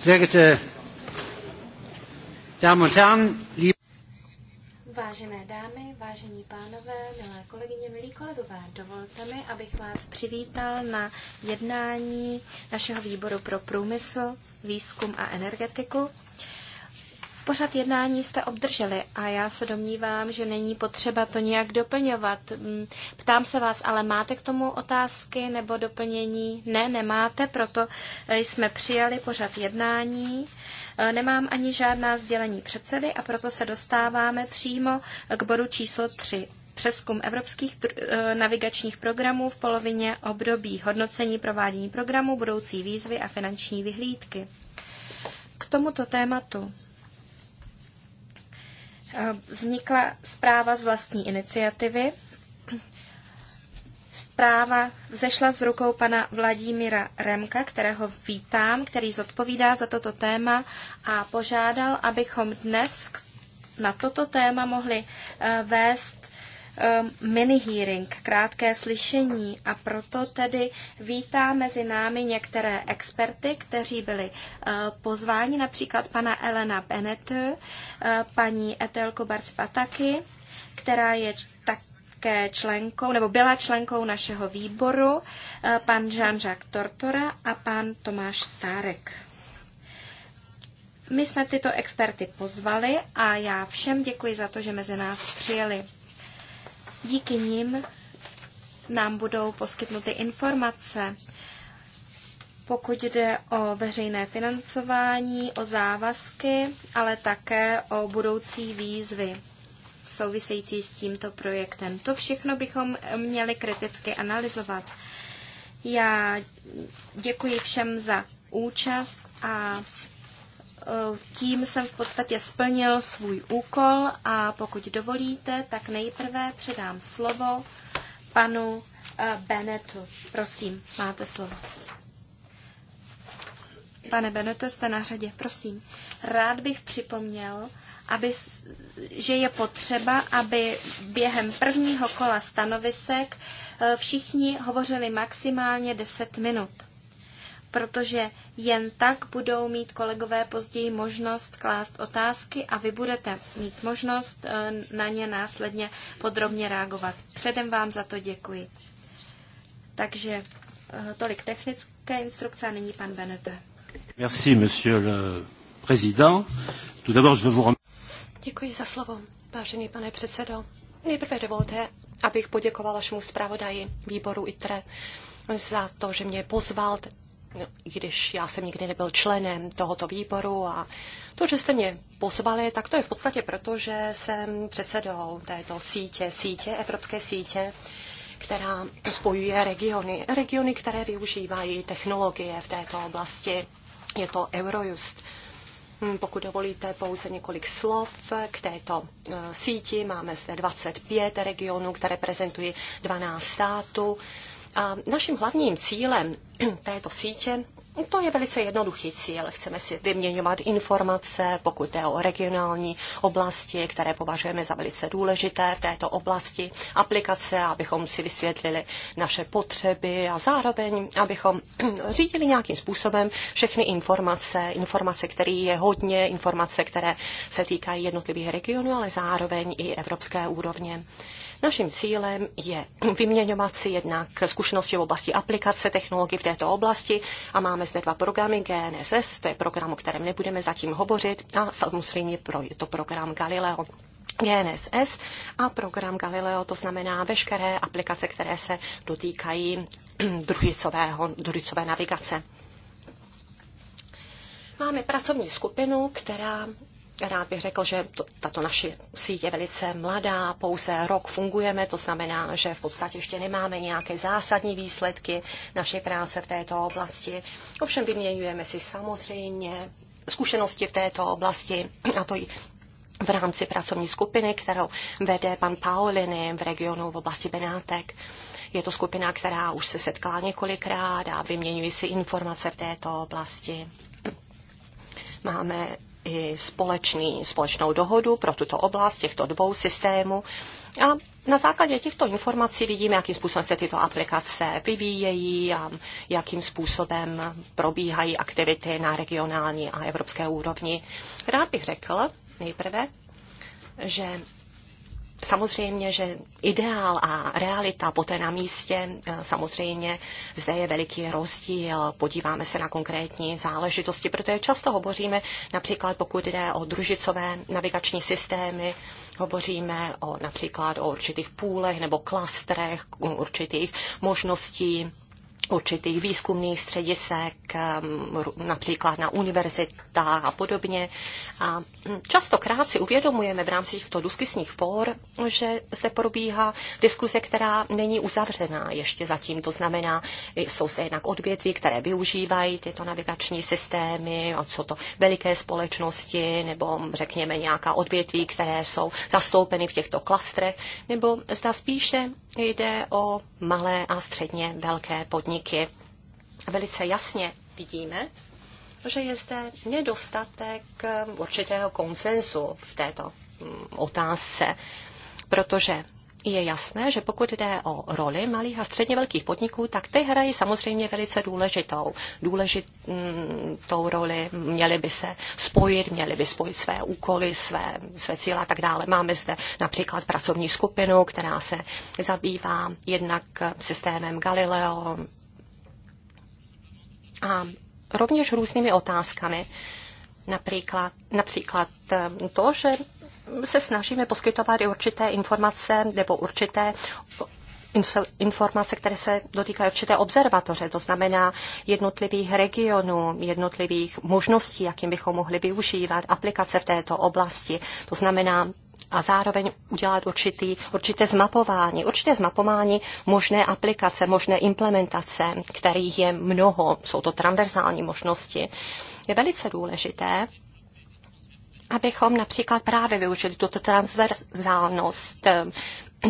Sehr geehrte Damen und Herren, liebe Vážené dámy, vážení pánové, milé kolegyně, milí kolegové, dovolte mi, abych vás přivítal na jednání našeho výboru pro průmysl, výzkum a energetiku. Pořad jednání jste obdrželi a já se domnívám, že není potřeba to nějak doplňovat. Mm, ptám se vás, ale máte k tomu otázky nebo doplnění? Ne, nemáte, proto eh, jsme přijali pořad jednání. Eh, nemám ani žádná sdělení předsedy a proto se dostáváme přímo eh, k bodu číslo 3 přeskum evropských navigačních programů v polovině období, hodnocení provádění programů, budoucí výzvy a finanční vyhlídky. K tomuto tématu Eh, vznikla zpráva z vlastní iniciativy. Zpráva zešla z rukou pana Vladimíra Remka, kterého vítám, který zodpovídá za toto téma a požádal, abychom dnes na toto téma mohli eh, vést Um, mini-hearing, krátké slyšení a proto tedy vítá mezi námi některé experty, kteří byli uh, pozváni, například pana Elena Benete, uh, paní Etelko Barspataky, která je tak také členkou, nebo byla členkou našeho výboru, uh, pan Jean-Jacques Tortora a pan Tomáš Stárek. My jsme tyto experty pozvali a já všem děkuji za to, že mezi nás přijeli. Díky nim nám budou poskytnuty informace, pokud jde o veřejné financování, o závazky, ale také o budoucí výzvy související s tímto projektem. To všechno bychom měli kriticky analyzovat. Já děkuji všem za účast a tím jsem v podstatě splnil svůj úkol a pokud dovolíte, tak nejprve předám slovo panu eh, Benetu. Prosím, máte slovo. Pane Beneto, jste na řadě, prosím. Rád bych připomněl, aby, že je potřeba, aby během prvního kola stanovisek eh, všichni hovořili maximálně 10 minut protože jen tak budou mít kolegové později možnost klást otázky a vy budete mít možnost eh, na ně následně podrobně reagovat. Předem vám za to děkuji. Takže eh, tolik technické instrukce a nyní pan Benete. Merci, monsieur le président. Tout d'abord, je veux vous Děkuji za slovo, vážený pane předsedo. Nejprve dovolte, abych poděkoval vašemu zpravodaji výboru ITRE za to, že mě pozval No, i když já jsem nikdy nebyl členem tohoto výboru a to, že jste mě pozvali, tak to je v podstatě proto, že jsem předsedou této sítě, sítě, evropské sítě, která spojuje regiony, regiony, které využívají technologie v této oblasti. Je to Eurojust. Hm, pokud dovolíte pouze několik slov k této eh, síti, máme zde 25 regionů, které prezentují 12 států. A naším hlavním cílem této sítě to je velice jednoduchý cíl. Chceme si vyměňovat informace, pokud jde o regionální oblasti, které považujeme za velice důležité v této oblasti aplikace, abychom si vysvětlili naše potřeby a zároveň, abychom řídili nějakým způsobem všechny informace, informace, které je hodně, informace, které se týkají jednotlivých regionů, ale zároveň i evropské úrovně. Naším cílem je vyměňovat si jednak zkušenosti v oblasti aplikace technologií v této oblasti a máme zde dva programy GNSS, to je program, o kterém nebudeme zatím hovořit, a samozřejmě pro, je to program Galileo. GNSS a program Galileo, to znamená veškeré aplikace, které se dotýkají druhicového, druhicové navigace. Máme pracovní skupinu, která rád bych řekl, že tato naše síť je velice mladá, pouze rok fungujeme, to znamená, že v podstatě ještě nemáme nějaké zásadní výsledky naší práce v této oblasti. Ovšem vyměňujeme si samozřejmě zkušenosti v této oblasti, a to i v rámci pracovní skupiny, kterou vede pan Paoliny v regionu v oblasti Benátek. Je to skupina, která už se setkala několikrát a vyměňují si informace v této oblasti. Máme i společný, společnou dohodu pro tuto oblast těchto dvou systémů. A na základě těchto informací vidíme, jakým způsobem se tyto aplikace vyvíjejí a jakým způsobem probíhají aktivity na regionální a evropské úrovni. Rád bych řekl nejprve, že Samozřejmě, že ideál a realita poté na místě, eh, samozřejmě zde je veliký rozdíl. Podíváme se na konkrétní záležitosti, protože často hovoříme například, pokud jde o družicové navigační systémy, hovoříme o například o určitých půlech nebo klastrech, určitých možností určitých výzkumných středisek, um, například na univerzitách a podobně. A častokrát si uvědomujeme v rámci těchto diskusních fór, že se probíhá diskuze, která není uzavřená ještě zatím. To znamená, jsou se jednak odvětví, které využívají tyto navigační systémy, a jsou to veliké společnosti, nebo řekněme nějaká odvětví, které jsou zastoupeny v těchto klastrech, nebo zda spíše Jde o malé a středně velké podniky. Velice jasně vidíme, že je zde nedostatek eh, určitého konsenzu v této mm, otázce, protože je jasné, že pokud jde o roli malých a středně velkých podniků, tak ty hrají samozřejmě velice důležitou, důležitou mm, roli. Měly by se spojit, měly by spojit své úkoly, své, své cíle a tak dále. Máme zde například pracovní skupinu, která se zabývá jednak systémem Galileo a rovněž různými otázkami. Například, například to, že se snažíme poskytovat i určité informace nebo určité informace, které se dotýkají určité observatoře, to znamená jednotlivých regionů, jednotlivých možností, jakým bychom mohli využívat aplikace v této oblasti. To znamená a zároveň udělat určitý, určité zmapování, určité zmapování možné aplikace, možné implementace, kterých je mnoho, jsou to transverzální možnosti. Je velice důležité abychom například právě využili tuto transverzálnost. Ehm,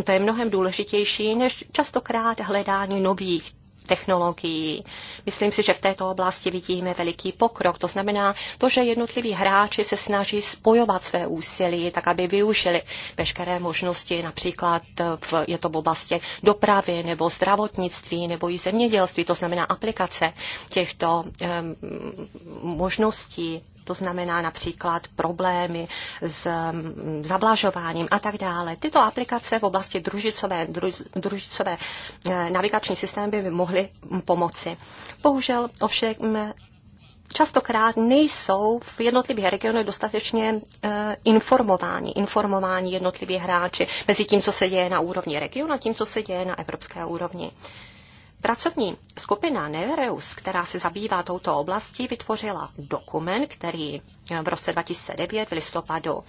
to je mnohem důležitější než častokrát hledání nových technologií. Myslím si, že v této oblasti vidíme veliký pokrok. To znamená to, že jednotliví hráči se snaží spojovat své úsilí, tak aby využili veškeré možnosti, například eh, v, je to v oblasti dopravy nebo zdravotnictví nebo i zemědělství, to znamená aplikace těchto um, možností to znamená například problémy s mm, zablažováním a tak dále. Tyto aplikace v oblasti družicové, druž, družicové eh, navigační systémy by mohly pomoci. Bohužel ovšem mm, častokrát nejsou v jednotlivých regionech dostatečně eh, informováni, informováni jednotliví hráči mezi tím, co se děje na úrovni regionu a tím, co se děje na evropské úrovni. Pracovní skupina Nereus, která se zabývá touto oblastí, vytvořila dokument, který v roce 2009 v listopadu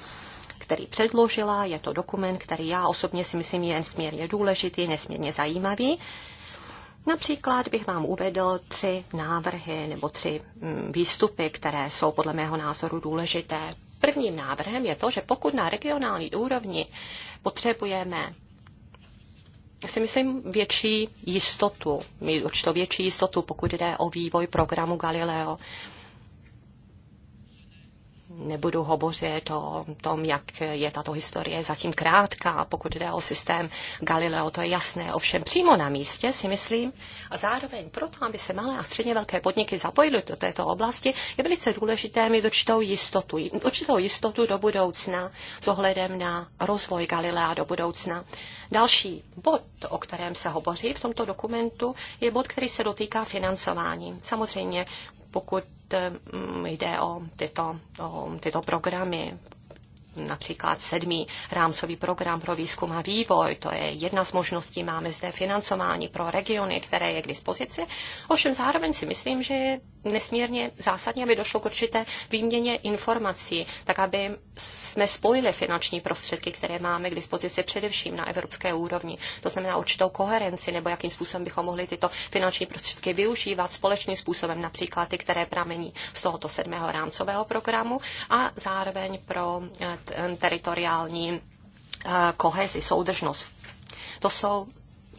který předložila. Je to dokument, který já osobně si myslím je nesmírně důležitý, nesmírně zajímavý. Například bych vám uvedl tři návrhy nebo tři mm, výstupy, které jsou podle mého názoru důležité. Prvním návrhem je to, že pokud na regionální úrovni potřebujeme si myslím, větší jistotu, mít určitou větší jistotu, pokud jde o vývoj programu Galileo. Nebudu hovořit o tom, jak je tato historie zatím krátká, pokud jde o systém Galileo, to je jasné. Ovšem přímo na místě si myslím, a zároveň proto, aby se malé a středně velké podniky zapojily do této oblasti, je velice důležité mít určitou jistotu, určitou jistotu do budoucna s ohledem na rozvoj Galilea do budoucna. Další bod, o kterém se hovoří v tomto dokumentu, je bod, který se dotýká financování. Samozřejmě, pokud eh, mm, jde o tyto, o tyto programy, například sedmý rámcový program pro výzkum a vývoj. To je jedna z možností. Máme zde financování pro regiony, které je k dispozici. Ovšem zároveň si myslím, že je nesmírně zásadně, aby došlo k určité výměně informací, tak aby jsme spojili finanční prostředky, které máme k dispozici především na evropské úrovni. To znamená určitou koherenci, nebo jakým způsobem bychom mohli tyto finanční prostředky využívat společným způsobem, například ty, které pramení z tohoto sedmého rámcového programu a zároveň pro eh, Eh, teritoriální eh, kohezi, soudržnost. To jsou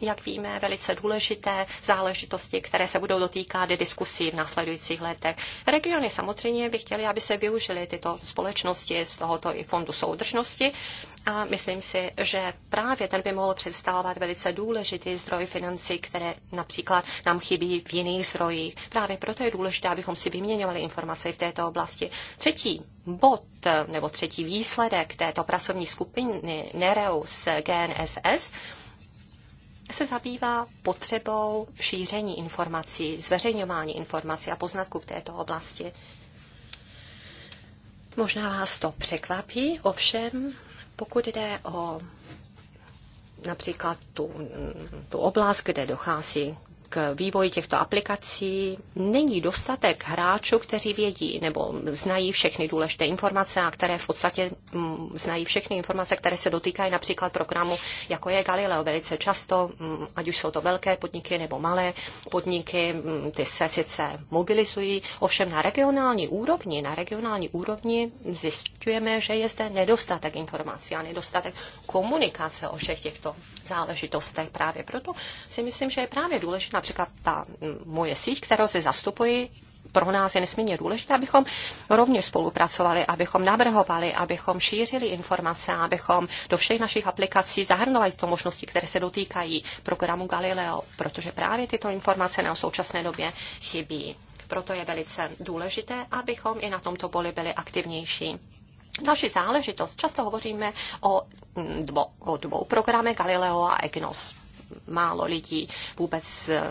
jak víme, velice důležité záležitosti, které se budou dotýkat diskusí v následujících letech. Regiony samozřejmě by chtěly, aby se využily tyto společnosti z tohoto i fondu soudržnosti a myslím si, že právě ten by mohl představovat velice důležitý zdroj financí, které například nám chybí v jiných zdrojích. Právě proto je důležité, abychom si vyměňovali informace v této oblasti. Třetí bod nebo třetí výsledek této pracovní skupiny Nereus GNSS se zabývá potřebou šíření informací, zveřejňování informací a poznatků v této oblasti. Možná vás to překvapí, ovšem pokud jde o například tu, tu oblast, kde dochází k vývoji těchto aplikací není dostatek hráčů, kteří vědí nebo znají všechny důležité informace a které v podstatě mm, znají všechny informace, které se dotýkají například programu, jako je Galileo. Velice často, mm, ať už jsou to velké podniky nebo malé podniky, mm, ty se sice mobilizují, ovšem na regionální úrovni, na regionální úrovni zjišťujeme, že je zde nedostatek informací a nedostatek komunikace o všech těchto záležitostech. Právě proto si myslím, že je právě důležitá, například ta moje síť, kterou se zastupuji, pro nás je nesmírně důležité, abychom rovněž spolupracovali, abychom navrhovali, abychom šířili informace, abychom do všech našich aplikací zahrnovali to možnosti, které se dotýkají programu Galileo, protože právě tyto informace nám v současné době chybí. Proto je velice důležité, abychom i na tomto poli byli aktivnější. Další záležitost. Často hovoříme o mm, dvou, o dvou programech Galileo a EGNOS málo lidí vůbec eh,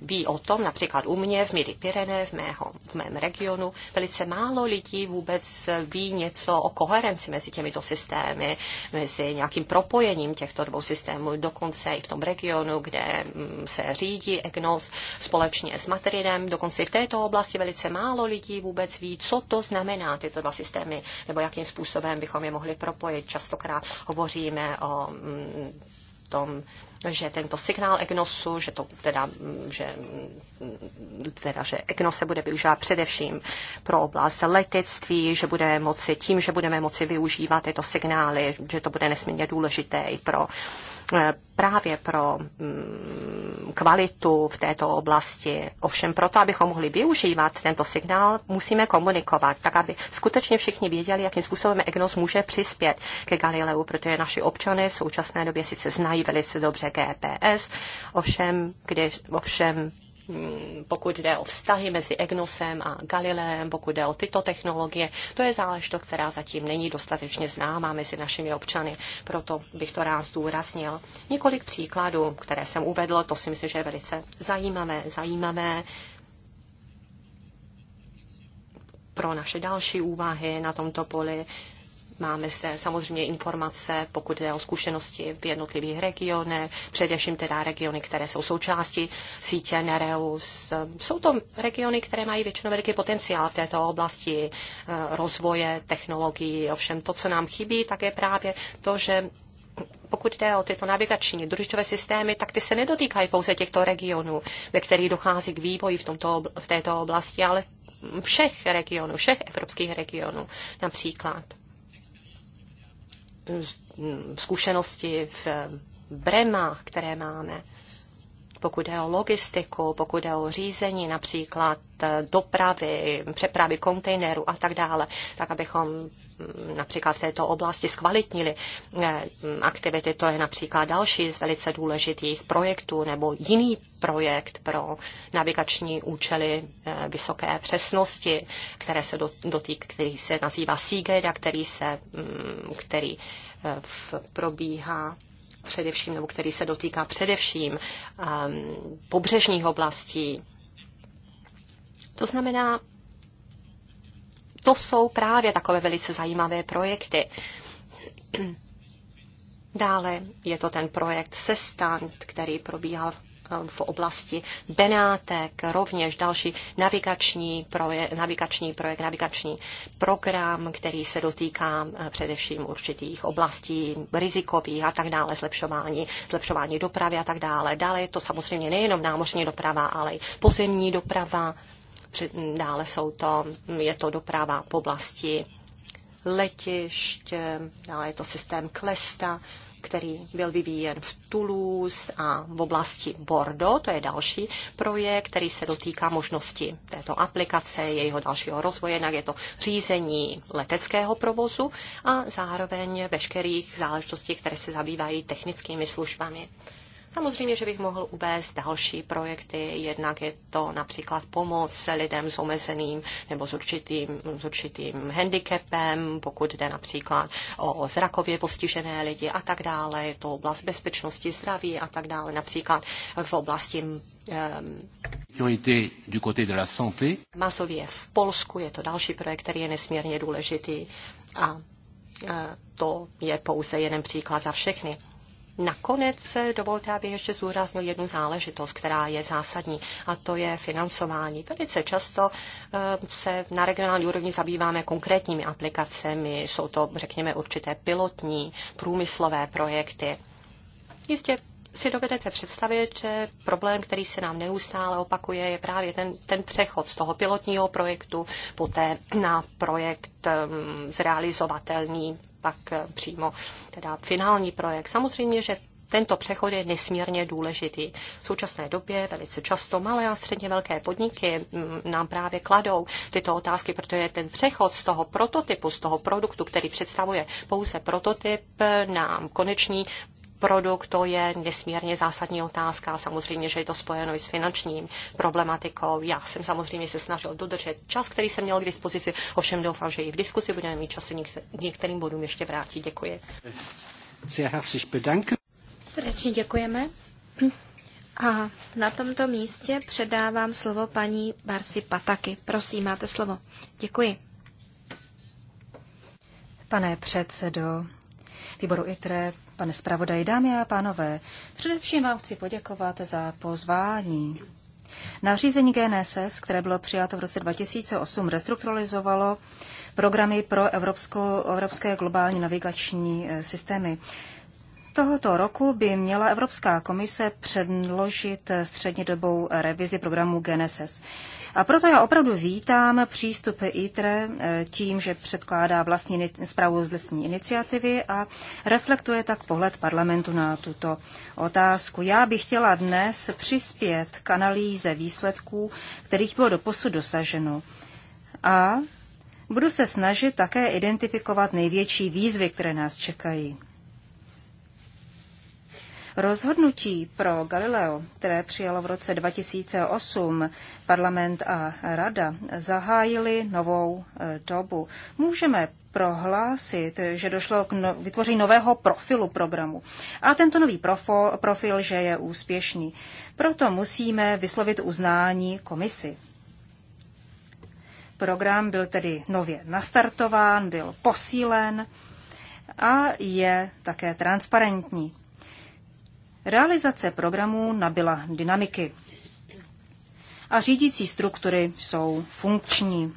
ví o tom, například u mě v Midi Pirene, v, mého, v mém regionu, velice málo lidí vůbec ví něco o koherenci mezi těmito systémy, mezi nějakým propojením těchto dvou systémů, dokonce i v tom regionu, kde mm, se řídí EGNOS společně s Matrinem, dokonce i v této oblasti velice málo lidí vůbec ví, co to znamená tyto dva systémy, nebo jakým způsobem bychom je mohli propojit. Častokrát hovoříme o mm, tom že tento signál EGNOSu, že to teda, že, teda, že EGNOS se bude využívat především pro oblast letectví, že bude moci, tím, že budeme moci využívat tyto signály, že to bude nesmírně důležité i pro eh, právě pro mm, kvalitu v této oblasti. Ovšem proto, abychom mohli využívat tento signál, musíme komunikovat, tak aby skutečně všichni věděli, jakým způsobem EGNOS může přispět ke Galileu, protože naši občany v současné době sice znají velice dobře také EPS. Ovšem, když, ovšem mm, pokud jde o vztahy mezi EGNOSem a Galileem, pokud jde o tyto technologie, to je záležitost, která zatím není dostatečně známá mezi našimi občany, proto bych to rád zdůraznil. Několik příkladů, které jsem uvedl, to si myslím, že je velice zajímavé, zajímavé pro naše další úvahy na tomto poli. Máme zde samozřejmě informace, pokud jde o zkušenosti v jednotlivých regionech, především teda regiony, které jsou součástí sítě Nereus. Jsou to regiony, které mají většinou veliký potenciál v této oblasti eh, rozvoje technologií. Ovšem to, co nám chybí, tak je právě to, že pokud jde o tyto navigační družičové systémy, tak ty se nedotýkají pouze těchto regionů, ve kterých dochází k vývoji v, tomto, v této oblasti, ale všech regionů, všech evropských regionů například. Mm, zkušenosti eh, v bremách, které máme pokud jde o logistiku, pokud jde o řízení například eh, dopravy, přepravy kontejnerů a tak dále, tak abychom mm, například v této oblasti zkvalitnili eh, mm, aktivity. To je například další z velice důležitých projektů nebo jiný projekt pro navigační účely eh, vysoké přesnosti, které se dotýk, který se nazývá Seagate a který, se, mm, který probíhá především, nebo který se dotýká především um, pobřežních oblastí. To znamená, to jsou právě takové velice zajímavé projekty. Dále je to ten projekt Sestant, který probíhá v oblasti Benátek, rovněž další navigační projekt, navigační, projekt, navigační program, který se dotýká eh, především určitých oblastí rizikových a tak dále, zlepšování, zlepšování dopravy a tak dále. Dále je to samozřejmě nejenom námořní doprava, ale i pozemní doprava. Dále jsou to, je to doprava v oblasti letišť, eh, dále je to systém Klesta, který byl vyvíjen v Toulouse a v oblasti Bordeaux. To je další projekt, který se dotýká možnosti této aplikace, jejího dalšího rozvoje, jednak je to řízení leteckého provozu a zároveň veškerých záležitostí, které se zabývají technickými službami. Samozřejmě, že bych mohl uvést další projekty, jednak je to například pomoc lidem s omezeným nebo s určitým, s určitým handicapem, pokud jde například o zrakově postižené lidi a tak dále, je to oblast bezpečnosti, zdraví a tak dále, například v oblasti um, masově v Polsku je to další projekt, který je nesmírně důležitý a e, to je pouze jeden příklad za všechny. Nakonec dovolte, abych ještě zúraznil jednu záležitost, která je zásadní, a to je financování. Velice často eh, se na regionální úrovni zabýváme konkrétními aplikacemi, jsou to, řekněme, určité pilotní průmyslové projekty. Jistě si dovedete představit, že problém, který se nám neustále opakuje, je právě ten, ten přechod z toho pilotního projektu poté na projekt um, zrealizovatelný, pak eh, přímo teda finální projekt. Samozřejmě, že tento přechod je nesmírně důležitý. V současné době velice často malé a středně velké podniky mm, nám právě kladou tyto otázky, protože ten přechod z toho prototypu, z toho produktu, který představuje pouze prototyp na konečný produkt, to je nesmírně zásadní otázka samozřejmě, že je to spojeno i s finančním problematikou. Já jsem samozřejmě se snažil dodržet čas, který jsem měl k dispozici, ovšem doufám, že i v diskusi budeme mít čas některým bodům ještě vrátit. Děkuji. Srdečně děkujeme. A na tomto místě předávám slovo paní Barsi Pataky. Prosím, máte slovo. Děkuji. Pane předsedo výboru ITRE, pane zpravodaj, dámy a pánové. Především vám chci poděkovat za pozvání. Nařízení GNSS, které bylo přijato v roce 2008, restrukturalizovalo programy pro evropskou, evropské globální navigační eh, systémy tohoto roku by měla Evropská komise předložit střednědobou revizi programu Genesis. A proto já opravdu vítám přístup ITRE eh, tím, že předkládá vlastní zprávu z vlastní iniciativy a reflektuje tak pohled parlamentu na tuto otázku. Já bych chtěla dnes přispět k analýze výsledků, kterých bylo doposud dosaženo. A budu se snažit také identifikovat největší výzvy, které nás čekají. Rozhodnutí pro Galileo, které přijalo v roce 2008 parlament a rada, zahájili novou eh, dobu. Můžeme prohlásit, že došlo k no, vytvoření nového profilu programu. A tento nový profo, profil, že je úspěšný. Proto musíme vyslovit uznání komisi. Program byl tedy nově nastartován, byl posílen a je také transparentní. Realizace programů nabyla dynamiky a řídící struktury jsou funkční.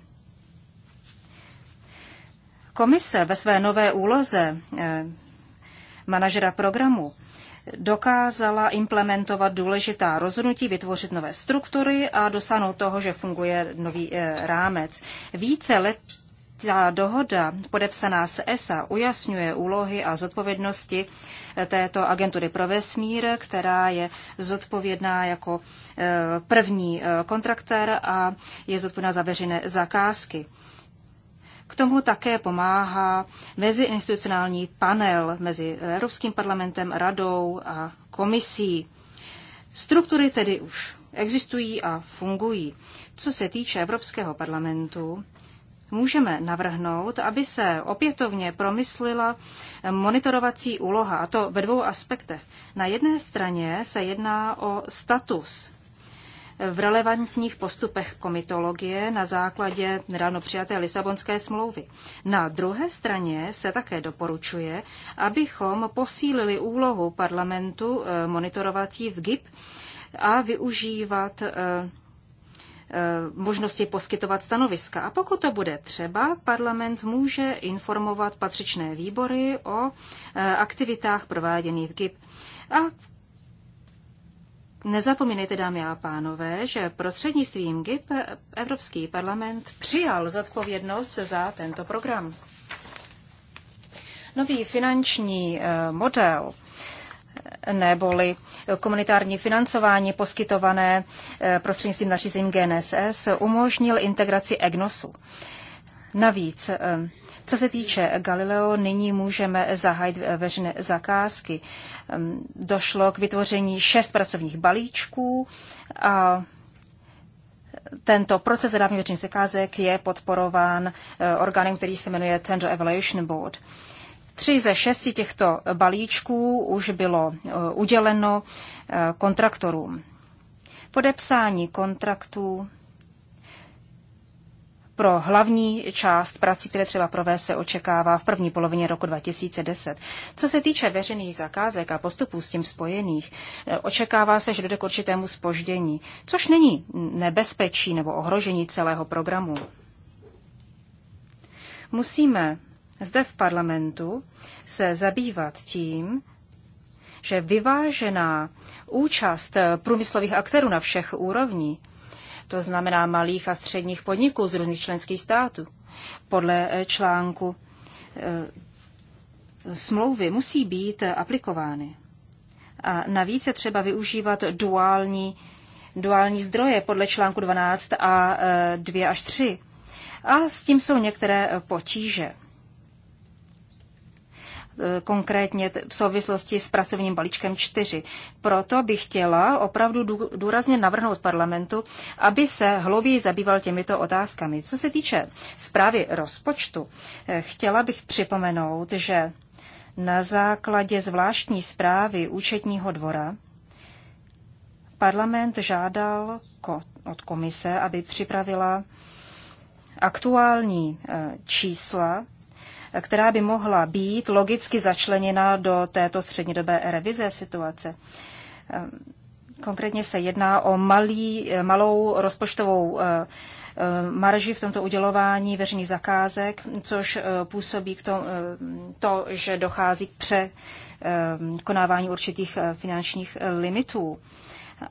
Komise ve své nové úloze eh, manažera programu dokázala implementovat důležitá rozhodnutí, vytvořit nové struktury a dosáhnout toho, že funguje nový eh, rámec. Více let ta dohoda podepsaná s ESA ujasňuje úlohy a zodpovědnosti eh, této agentury pro vesmír, která je zodpovědná jako eh, první eh, kontraktér a je zodpovědná za veřejné zakázky. K tomu také pomáhá meziinstitucionální panel mezi Evropským parlamentem, radou a komisí. Struktury tedy už existují a fungují. Co se týče Evropského parlamentu, můžeme navrhnout, aby se opětovně promyslila monitorovací úloha, a to ve dvou aspektech. Na jedné straně se jedná o status v relevantních postupech komitologie na základě nedávno přijaté Lisabonské smlouvy. Na druhé straně se také doporučuje, abychom posílili úlohu parlamentu eh, monitorovací v GIP a využívat eh, Eh, možnosti poskytovat stanoviska. A pokud to bude třeba, parlament může informovat patřičné výbory o eh, aktivitách prováděných v GIP. A Nezapomínejte, dámy a pánové, že prostřednictvím GIP Evropský parlament přijal zodpovědnost za tento program. Nový finanční eh, model neboli komunitární financování poskytované eh, prostřednictvím nařízení GNSS umožnil integraci EGNOSu. Navíc, eh, co se týče Galileo, nyní můžeme zahájit veřejné zakázky. Ehm, došlo k vytvoření šest pracovních balíčků a tento proces zadávání veřejných zakázek je podporován eh, orgánem, který se jmenuje Tender Evaluation Board. Tři ze šesti těchto balíčků už bylo eh, uděleno eh, kontraktorům. Podepsání kontraktů pro hlavní část prací, které třeba provést, se očekává v první polovině roku 2010. Co se týče veřejných zakázek a postupů s tím spojených, eh, očekává se, že dojde k určitému spoždění, což není nebezpečí nebo ohrožení celého programu. Musíme zde v parlamentu se zabývat tím, že vyvážená účast průmyslových aktérů na všech úrovní, to znamená malých a středních podniků z různých členských států, podle eh, článku eh, smlouvy musí být aplikovány. A navíc je třeba využívat duální, duální zdroje podle článku 12 a 2 eh, až 3. A s tím jsou některé potíže konkrétně v souvislosti s pracovním balíčkem 4. Proto bych chtěla opravdu důrazně navrhnout parlamentu, aby se hlouběji zabýval těmito otázkami. Co se týče zprávy rozpočtu, eh, chtěla bych připomenout, že na základě zvláštní zprávy účetního dvora parlament žádal od komise, aby připravila aktuální eh, čísla která by mohla být logicky začleněna do této střednědobé revize situace. Ehm, konkrétně se jedná o malý, malou rozpočtovou eh, eh, marži v tomto udělování veřejných zakázek, což eh, působí k tomu, ehm, to, že dochází k překonávání ehm, určitých finančních limitů.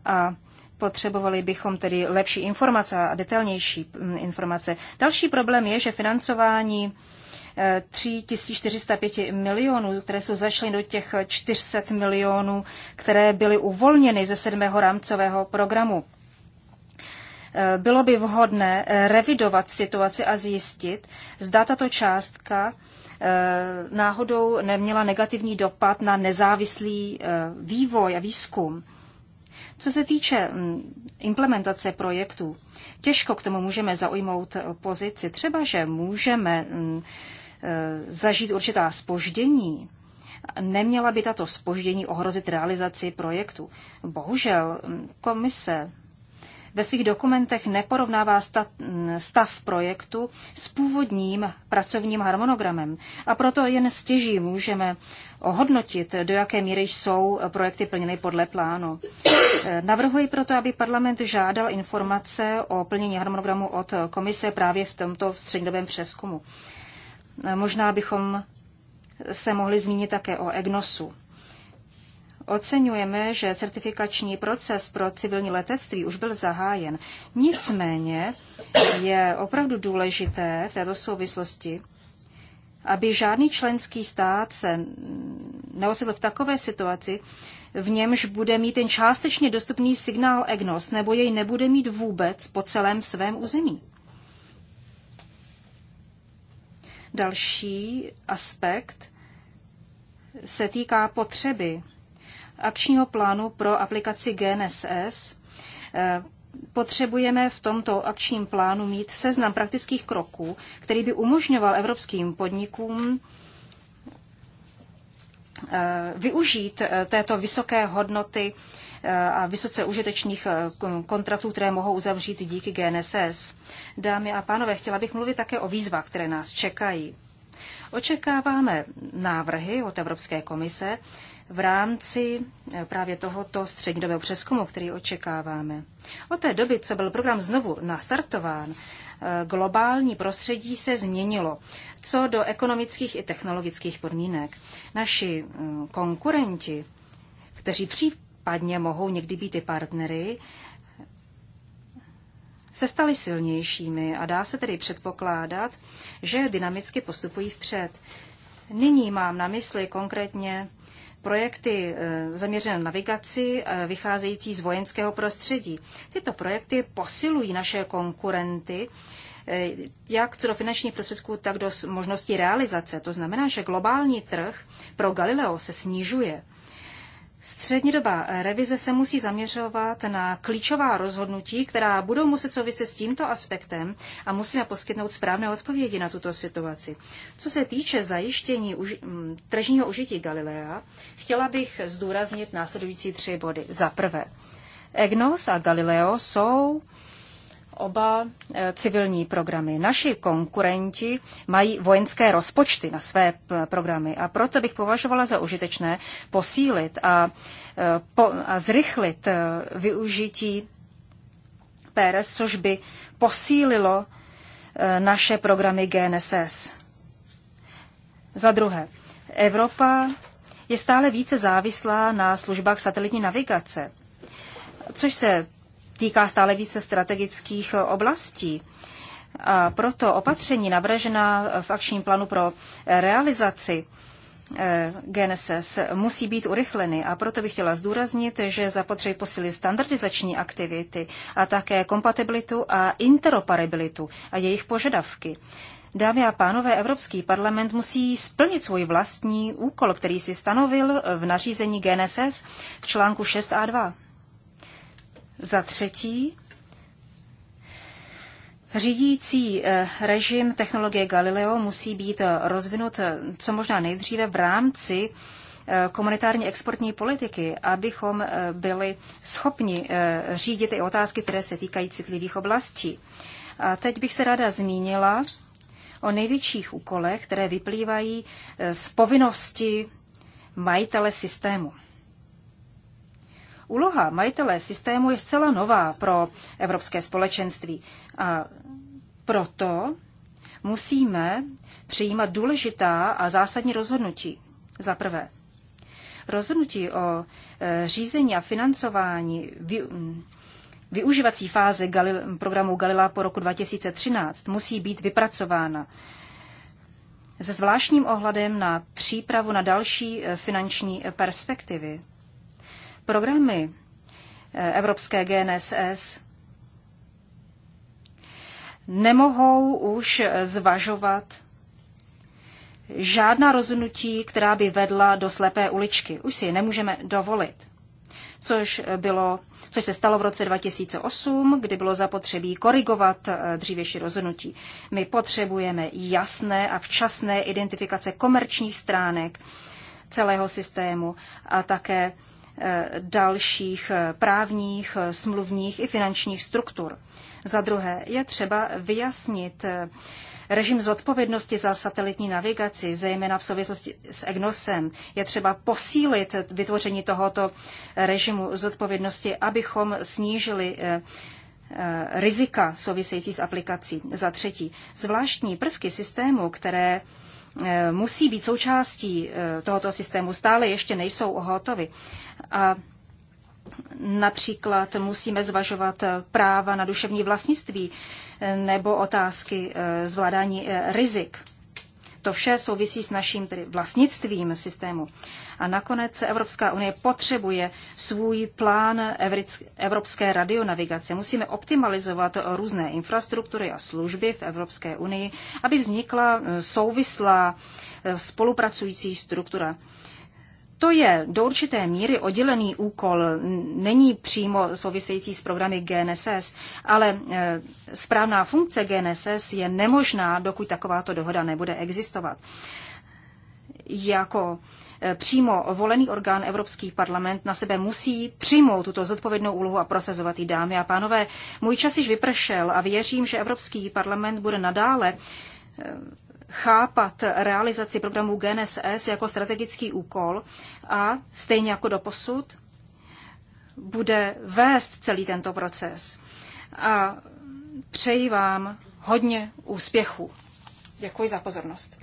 A Potřebovali bychom tedy lepší informace a detailnější mm, informace. Další problém je, že financování 3405 milionů, které jsou zašly do těch 400 milionů, které byly uvolněny ze sedmého rámcového programu. Eh, bylo by vhodné eh, revidovat situaci a zjistit, zda tato částka eh, náhodou neměla negativní dopad na nezávislý vývoj a výzkum. Co se týče hm, implementace projektů, těžko k tomu můžeme zaujmout pozici. Třeba, že můžeme hm, Eh, zažít určitá spoždění, neměla by tato spoždění ohrozit realizaci projektu. Bohužel mm, komise ve svých dokumentech neporovnává mm, stav projektu s původním pracovním harmonogramem a proto jen stěží můžeme ohodnotit, do jaké míry jsou projekty plněny podle plánu. Eh, navrhuji proto, aby parlament žádal informace o plnění harmonogramu od komise právě v tomto střednědobém přeskumu. Možná bychom se mohli zmínit také o EGNOSu. Oceňujeme, že certifikační proces pro civilní letectví už byl zahájen. Nicméně je opravdu důležité v této souvislosti, aby žádný členský stát se neosedl v takové situaci, v němž bude mít ten částečně dostupný signál EGNOS nebo jej nebude mít vůbec po celém svém území. Další aspekt se týká potřeby akčního plánu pro aplikaci GNSS. Eh, potřebujeme v tomto akčním plánu mít seznam praktických kroků, který by umožňoval evropským podnikům Eh, využít eh, této vysoké hodnoty eh, a vysoce užitečných kontraktů, které mohou uzavřít díky GNSS. Dámy a pánové, chtěla bych mluvit také o výzvách, které nás čekají. Očekáváme návrhy od Evropské komise v rámci právě tohoto střednědobého přeskumu, který očekáváme. Od té doby, co byl program znovu nastartován, Eh, globální prostředí se změnilo, co do ekonomických i technologických podmínek. Naši mm, konkurenti, kteří případně mohou někdy být i partnery, se staly silnějšími a dá se tedy předpokládat, že dynamicky postupují vpřed. Nyní mám na mysli konkrétně projekty eh, zaměřené na navigaci, eh, vycházející z vojenského prostředí. Tyto projekty posilují naše konkurenty, eh, jak co do finančních prostředků, tak do možnosti realizace. To znamená, že globální trh pro Galileo se snižuje Střednědobá revize se musí zaměřovat na klíčová rozhodnutí, která budou muset souviset s tímto aspektem a musíme poskytnout správné odpovědi na tuto situaci. Co se týče zajištění m, mm, tržního užití Galilea, chtěla bych zdůraznit následující tři body. Za prvé, EGNOS a Galileo jsou oba eh, civilní programy. Naši konkurenti mají vojenské rozpočty na své eh, programy a proto bych považovala za užitečné posílit a, eh, po, a zrychlit využití PRS, což by posílilo naše programy GNSS. Za druhé, Evropa je stále více závislá na službách satelitní navigace, což se týká stále více strategických eh, oblastí. A proto opatření navržená v akčním plánu pro eh, realizaci eh, GNSS musí být urychleny a proto bych chtěla zdůraznit, že zapotřebí posílit standardizační aktivity a také kompatibilitu a interoperabilitu a jejich požadavky. Dámy a pánové, Evropský parlament musí splnit svůj vlastní úkol, který si stanovil v nařízení GNSS k článku 6 a 2. Za třetí, Řídící eh, režim technologie Galileo musí být eh, rozvinut eh, co možná nejdříve v rámci komunitární exportní politiky, abychom byli schopni řídit i otázky, které se týkají citlivých oblastí. A teď bych se ráda zmínila o největších úkolech, které vyplývají z povinnosti majitele systému. Úloha majitele systému je zcela nová pro evropské společenství a proto musíme přijímat důležitá a zásadní rozhodnutí. Za prvé, rozhodnutí o e, řízení a financování využívací fáze programu Galila po roku 2013 musí být vypracována se zvláštním ohledem na přípravu na další e, finanční e, perspektivy programy eh, Evropské GNSS nemohou už zvažovat žádná rozhodnutí, která by vedla do slepé uličky. Už si je nemůžeme dovolit. Což, bylo, což se stalo v roce 2008, kdy bylo zapotřebí korigovat eh, dřívější rozhodnutí. My potřebujeme jasné a včasné identifikace komerčních stránek celého systému a také Eh, dalších eh, právních, eh, smluvních i finančních struktur. Za druhé je třeba vyjasnit režim zodpovědnosti za satelitní navigaci, zejména v souvislosti s EGNOSem. Je třeba posílit vytvoření tohoto režimu zodpovědnosti, abychom snížili rizika související s aplikací. Za třetí, zvláštní prvky systému, které musí být součástí tohoto systému, stále ještě nejsou hotovy. A například musíme zvažovat práva na duševní vlastnictví nebo otázky eh, zvládání eh, rizik. To vše souvisí s naším tedy vlastnictvím systému. A nakonec se Evropská unie potřebuje svůj plán evropské radionavigace. Musíme optimalizovat různé infrastruktury a služby v Evropské unii, aby vznikla eh, souvislá spolupracující struktura. To je do určité míry oddělený úkol, není přímo související s programy GNSS, ale e, správná funkce GNSS je nemožná, dokud takováto dohoda nebude existovat. Jako e, přímo volený orgán Evropský parlament na sebe musí přijmout tuto zodpovědnou úlohu a prosazovat ji, dámy a pánové. Můj čas již vypršel a věřím, že Evropský parlament bude nadále e, chápat realizaci programu GNSS jako strategický úkol a stejně jako doposud bude vést celý tento proces. A přeji vám hodně úspěchů. Děkuji za pozornost.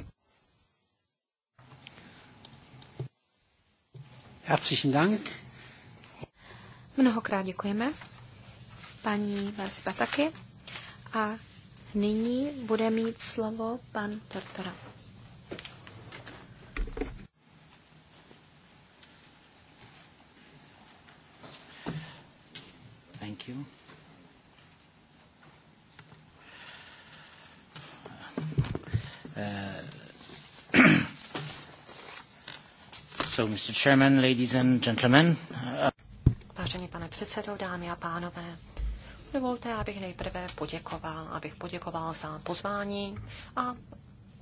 Herzlichen Dank. Mnohokrát děkujeme paní Marci Pataky a Nyní bude mít slovo pan doktora. Thank you. Uh, so, Mr. Chairman, ladies and gentlemen. Uh... Vážený pane předsedo, dámy a pánové, Dovolte, abych nejprve poděkoval, abych poděkoval za pozvání a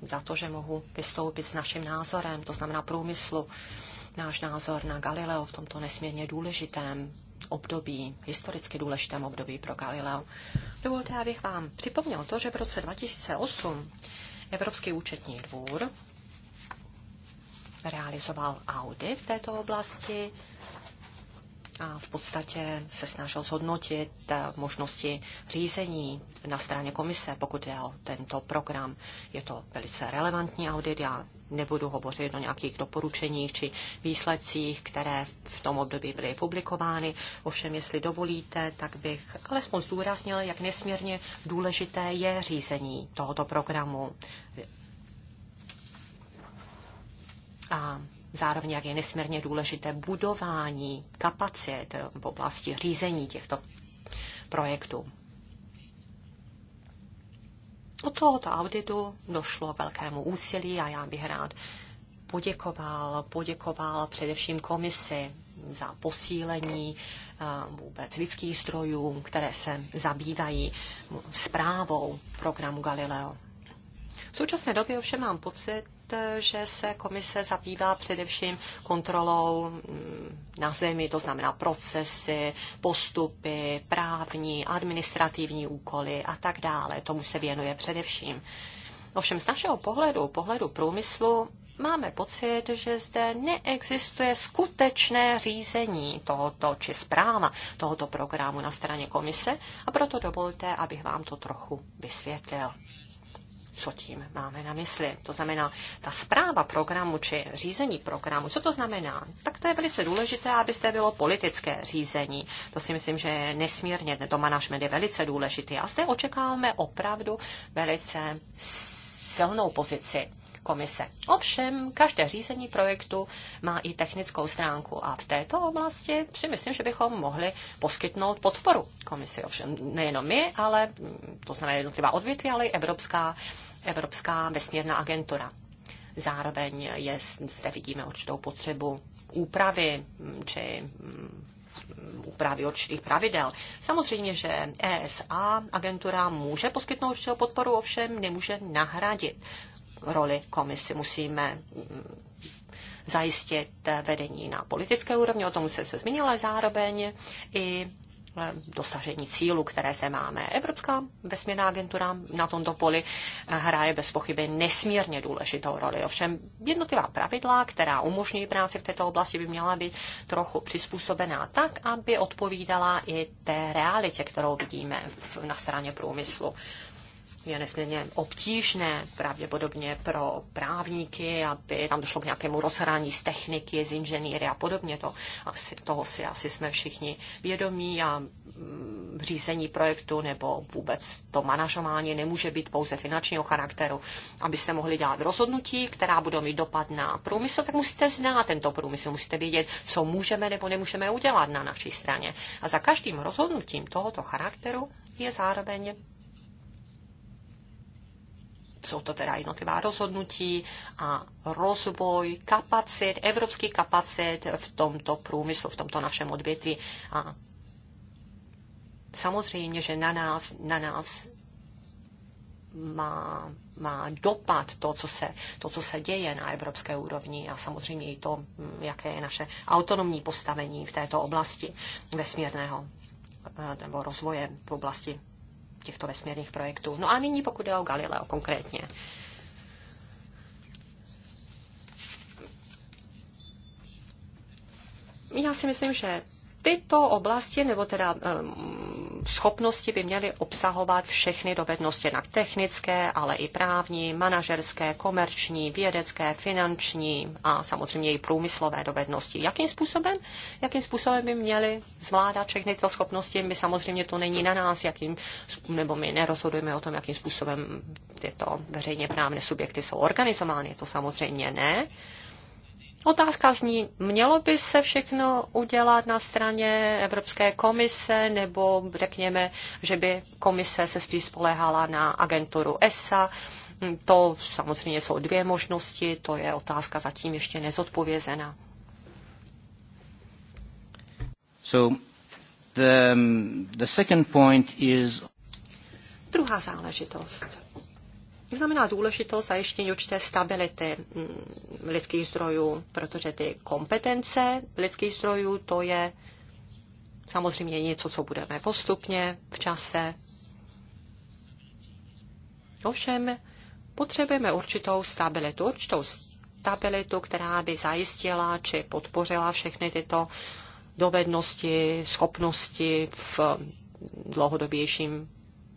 za to, že mohu vystoupit s naším názorem, to znamená průmyslu. Náš názor na Galileo v tomto nesmírně důležitém období, historicky důležitém období pro Galileo. Dovolte, abych vám připomněl to, že v roce 2008 Evropský účetní dvůr realizoval audit v této oblasti a v podstatě se snažil zhodnotit eh, možnosti řízení na straně komise, pokud je o tento program. Je to velice relevantní audit, já nebudu hovořit o nějakých doporučeních či výsledcích, které v tom období byly publikovány. Ovšem, jestli dovolíte, tak bych alespoň zdůraznil, jak nesmírně důležité je řízení tohoto programu. A zároveň jak je nesmírně důležité budování kapacit v oblasti řízení těchto projektů. Od tohoto auditu došlo velkému úsilí a já bych rád poděkoval, poděkoval především komisi za posílení eh, vůbec lidských zdrojů, které se zabývají zprávou programu Galileo. V současné době ovšem mám pocit, že se komise zabývá především kontrolou mm, na zemi, to znamená procesy, postupy, právní, administrativní úkoly a tak dále. Tomu se věnuje především. Ovšem z našeho pohledu, pohledu průmyslu, máme pocit, že zde neexistuje skutečné řízení tohoto či zpráva tohoto programu na straně komise a proto dovolte, abych vám to trochu vysvětlil co tím máme na mysli. To znamená, ta zpráva programu či řízení programu, co to znamená? Tak to je velice důležité, abyste bylo politické řízení. To si myslím, že je nesmírně, to management je velice důležitý. A zde očekáváme opravdu velice silnou pozici komise. Ovšem, každé řízení projektu má i technickou stránku a v této oblasti si myslím, že bychom mohli poskytnout podporu komisi. Ovšem, nejenom my, ale mm, to znamená jednotlivá odvětví, ale i Evropská Evropská vesmírná agentura. Zároveň je, zde vidíme určitou potřebu úpravy či mm, úpravy určitých pravidel. Samozřejmě, že ESA agentura může poskytnout určitou podporu, ovšem nemůže nahradit roli komisy. Musíme mm, zajistit vedení na politické úrovni, o tom se se zmínila zároveň i Eh, dosažení cílu, které zde máme. Evropská vesmírná agentura na tomto poli eh, hraje bez pochyby nesmírně důležitou roli. Ovšem jednotlivá pravidla, která umožňují práci v této oblasti, by měla být trochu přizpůsobená tak, aby odpovídala i té realitě, kterou vidíme na straně průmyslu je nesmírně obtížné pravděpodobně pro právníky, aby tam došlo k nějakému rozhrání z techniky, z inženýry a podobně. To, asi, toho si asi jsme všichni vědomí a mm, řízení projektu nebo vůbec to manažování nemůže být pouze finančního charakteru. Abyste mohli dělat rozhodnutí, která budou mít dopad na průmysl, tak musíte znát tento průmysl, musíte vědět, co můžeme nebo nemůžeme udělat na naší straně. A za každým rozhodnutím tohoto charakteru je zároveň jsou to teda jednotlivá rozhodnutí a rozvoj kapacit, evropských kapacit v tomto průmyslu, v tomto našem odvětví. A samozřejmě, že na nás, na nás má, má dopad to co, se, to, co se děje na evropské úrovni a samozřejmě i to, mm, jaké je naše autonomní postavení v této oblasti vesmírného eh, nebo rozvoje v oblasti těchto vesmírných projektů. No a nyní pokud jde o Galileo konkrétně. Já si myslím, že tyto oblasti, nebo teda um, schopnosti by měly obsahovat všechny dovednosti na technické, ale i právní, manažerské, komerční, vědecké, finanční a samozřejmě i průmyslové dovednosti. Jakým způsobem? Jakým způsobem by měly zvládat všechny tyto schopnosti? My samozřejmě to není na nás, jakým, nebo my nerozhodujeme o tom, jakým způsobem tyto veřejně právné subjekty jsou organizovány. To samozřejmě ne. Otázka zní, mělo by se všechno udělat na straně Evropské komise, nebo řekněme, že by komise se spíš spolehala na agenturu ESA. To samozřejmě jsou dvě možnosti, to je otázka zatím ještě nezodpovězená. So the, um, the second point is... Druhá záležitost znamená důležitost zajištění určité stability mm, lidských zdrojů, protože ty kompetence lidských zdrojů, to je samozřejmě něco, co budeme postupně v čase. Ovšem, potřebujeme určitou stabilitu, určitou stabilitu, která by zajistila či podpořila všechny tyto dovednosti, schopnosti v dlouhodobějším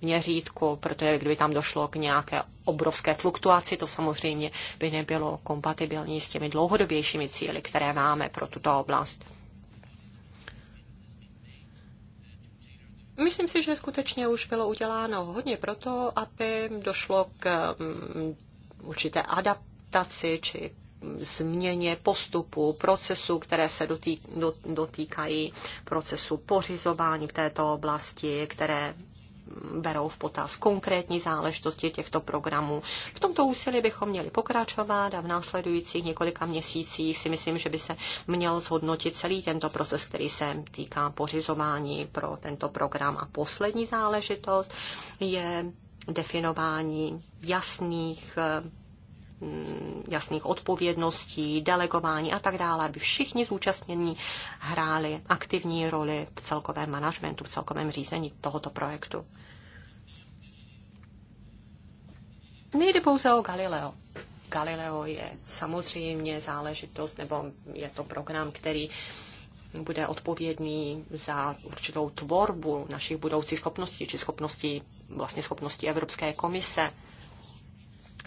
měřítku, protože kdyby tam došlo k nějaké obrovské fluktuaci, to samozřejmě by nebylo kompatibilní s těmi dlouhodobějšími cíly, které máme pro tuto oblast. Myslím si, že skutečně už bylo uděláno hodně proto, aby došlo k mm, určité adaptaci či změně postupu, procesu, které se dotýkají procesu pořizování v této oblasti, které berou v potaz konkrétní záležitosti těchto programů. V tomto úsilí bychom měli pokračovat a v následujících několika měsících si myslím, že by se měl zhodnotit celý tento proces, který se týká pořizování pro tento program. A poslední záležitost je definování jasných Mm, jasných odpovědností, delegování a tak dále, aby všichni zúčastnění hráli aktivní roli v celkovém managementu, v celkovém řízení tohoto projektu. Nejde pouze o Galileo. Galileo je samozřejmě záležitost, nebo je to program, který bude odpovědný za určitou tvorbu našich budoucích schopností, či schopností, vlastně schopností Evropské komise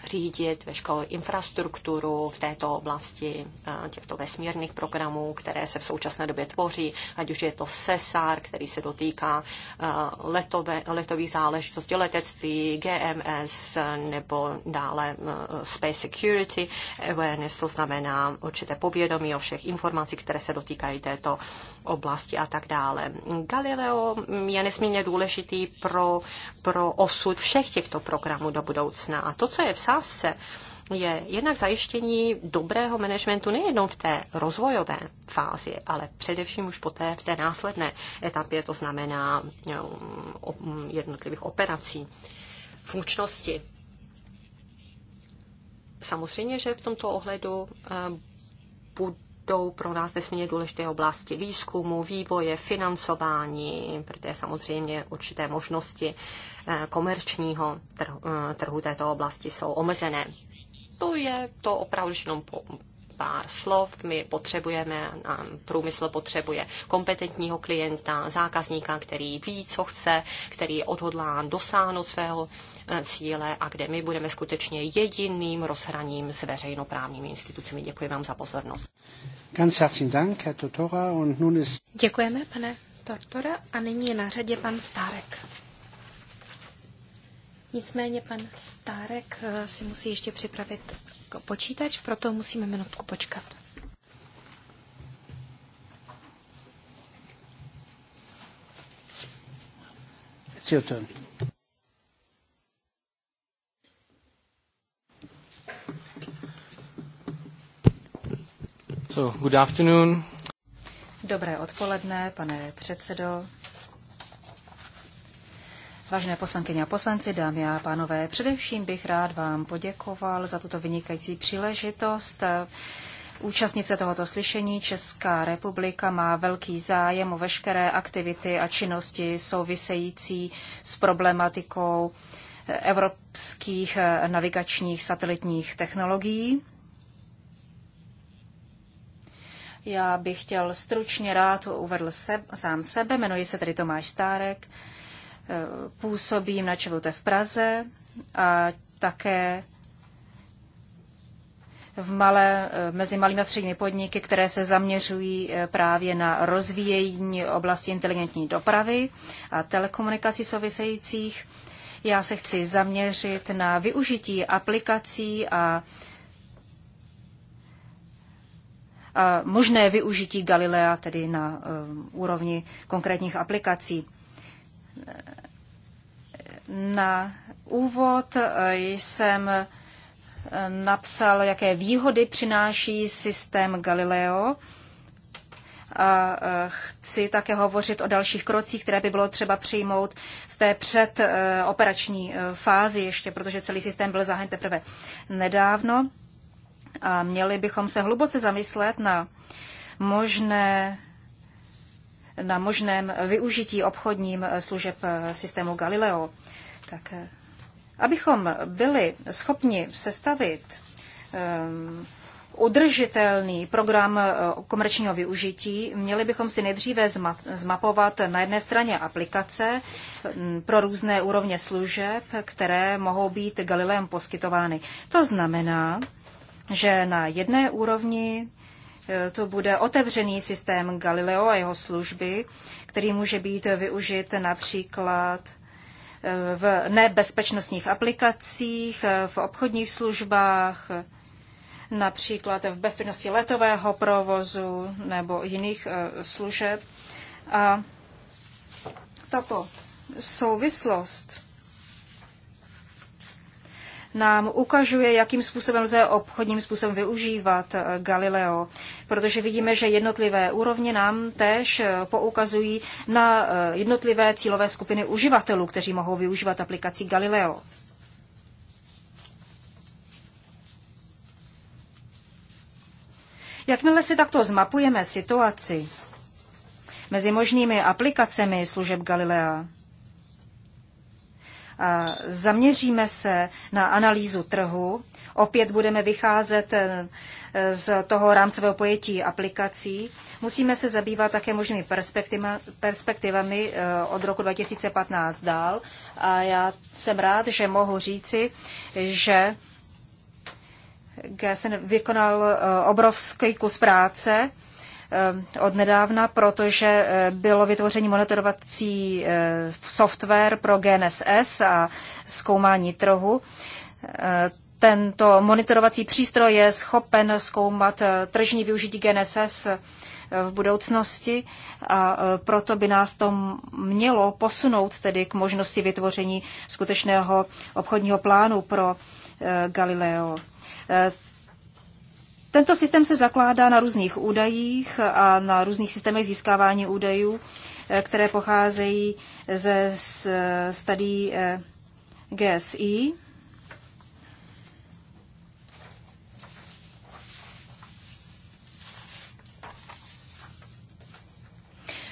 řídit veškerou infrastrukturu v této oblasti těchto vesmírných programů, které se v současné době tvoří, ať už je to SESAR, který se dotýká letové, letových záležitostí letectví, GMS nebo dále Space Security Awareness, to znamená určité povědomí o všech informacích, které se dotýkají této oblasti a tak dále. Galileo je nesmírně důležitý pro, pro osud všech těchto programů do budoucna. A to, co je v sázce, je jednak zajištění dobrého managementu nejenom v té rozvojové fázi, ale především už poté v té následné etapě, to znamená um, um, jednotlivých operací, funkčnosti. Samozřejmě, že v tomto ohledu eh, jdou pro nás nesmírně důležité oblasti výzkumu, vývoje, financování, protože samozřejmě určité možnosti eh, komerčního eh, trhu této oblasti jsou omezené. To je to opravdu jenom pár slov. My potřebujeme, průmysl potřebuje kompetentního klienta, zákazníka, který ví, co chce, který je odhodlán dosáhnout svého eh, cíle a kde my budeme skutečně jediným rozhraním s veřejnoprávními institucemi. Děkuji vám za pozornost. Děkujeme, pane Tortora, a nyní je na řadě pan Stárek. Nicméně pan Stárek eh, si musí ještě připravit počítač, proto musíme minutku počkat. It's your turn. So, good afternoon. Dobré odpoledne, pane předsedo. Vážené poslankyně a poslanci, dámy a pánové, především bych rád vám poděkoval za tuto vynikající příležitost. Eh, Účastnice tohoto slyšení Česká republika má velký zájem o veškeré aktivity a činnosti související s problematikou eh, evropských eh, navigačních satelitních technologií. Já bych chtěl stručně rád uvedl se, sám sebe, jmenuji se tedy Tomáš Stárek, eh, působím na Čevute v Praze a také v malé, eh, mezi malými a středními podniky, které se zaměřují eh, právě na rozvíjení oblasti inteligentní dopravy a telekomunikací souvisejících. Já se chci zaměřit na využití aplikací a možné využití Galilea tedy na eh, úrovni konkrétních aplikací. Na úvod eh, jsem eh, napsal, jaké výhody přináší systém Galileo. A chci také hovořit o dalších krocích, které by bylo třeba přijmout v té předoperační fázi ještě, protože celý systém byl zahájen teprve nedávno. A měli bychom se hluboce zamyslet na možné na možném využití obchodním služeb eh, systému Galileo. Tak, eh, abychom byli schopni sestavit um, udržitelný program komerčního využití, měli bychom si nejdříve zmapovat na jedné straně aplikace mm, pro různé úrovně služeb, které mohou být Galileem poskytovány. To znamená, že na jedné úrovni e, to bude otevřený systém Galileo a jeho služby, který může být využit například e, v nebezpečnostních aplikacích, e, v obchodních službách, například v bezpečnosti letového provozu nebo jiných služeb. A tato souvislost nám ukazuje, jakým způsobem lze obchodním způsobem využívat eh, Galileo, protože vidíme, že jednotlivé úrovně nám též eh, poukazují na eh, jednotlivé cílové skupiny uživatelů, kteří mohou využívat aplikaci Galileo. Jakmile si takto zmapujeme situaci mezi možnými aplikacemi služeb Galilea, Zaměříme se na analýzu trhu. Opět budeme vycházet eh, z toho rámcového pojetí aplikací. Musíme se zabývat také možnými perspektivami eh, od roku 2015 dál. A já jsem rád, že mohu říci, že GSN vykonal eh, obrovský kus práce Eh, od nedávna, protože eh, bylo vytvoření monitorovací eh, software pro GNSS a zkoumání trhu. Tento monitorovací přístroj je schopen zkoumat tržní využití GNSS v budoucnosti a proto by nás to mělo posunout tedy k možnosti vytvoření skutečného obchodního plánu pro Galileo. Tento systém se zakládá na různých údajích a na různých systémech získávání údajů, eh, které pocházejí ze eh, studií eh, GSI.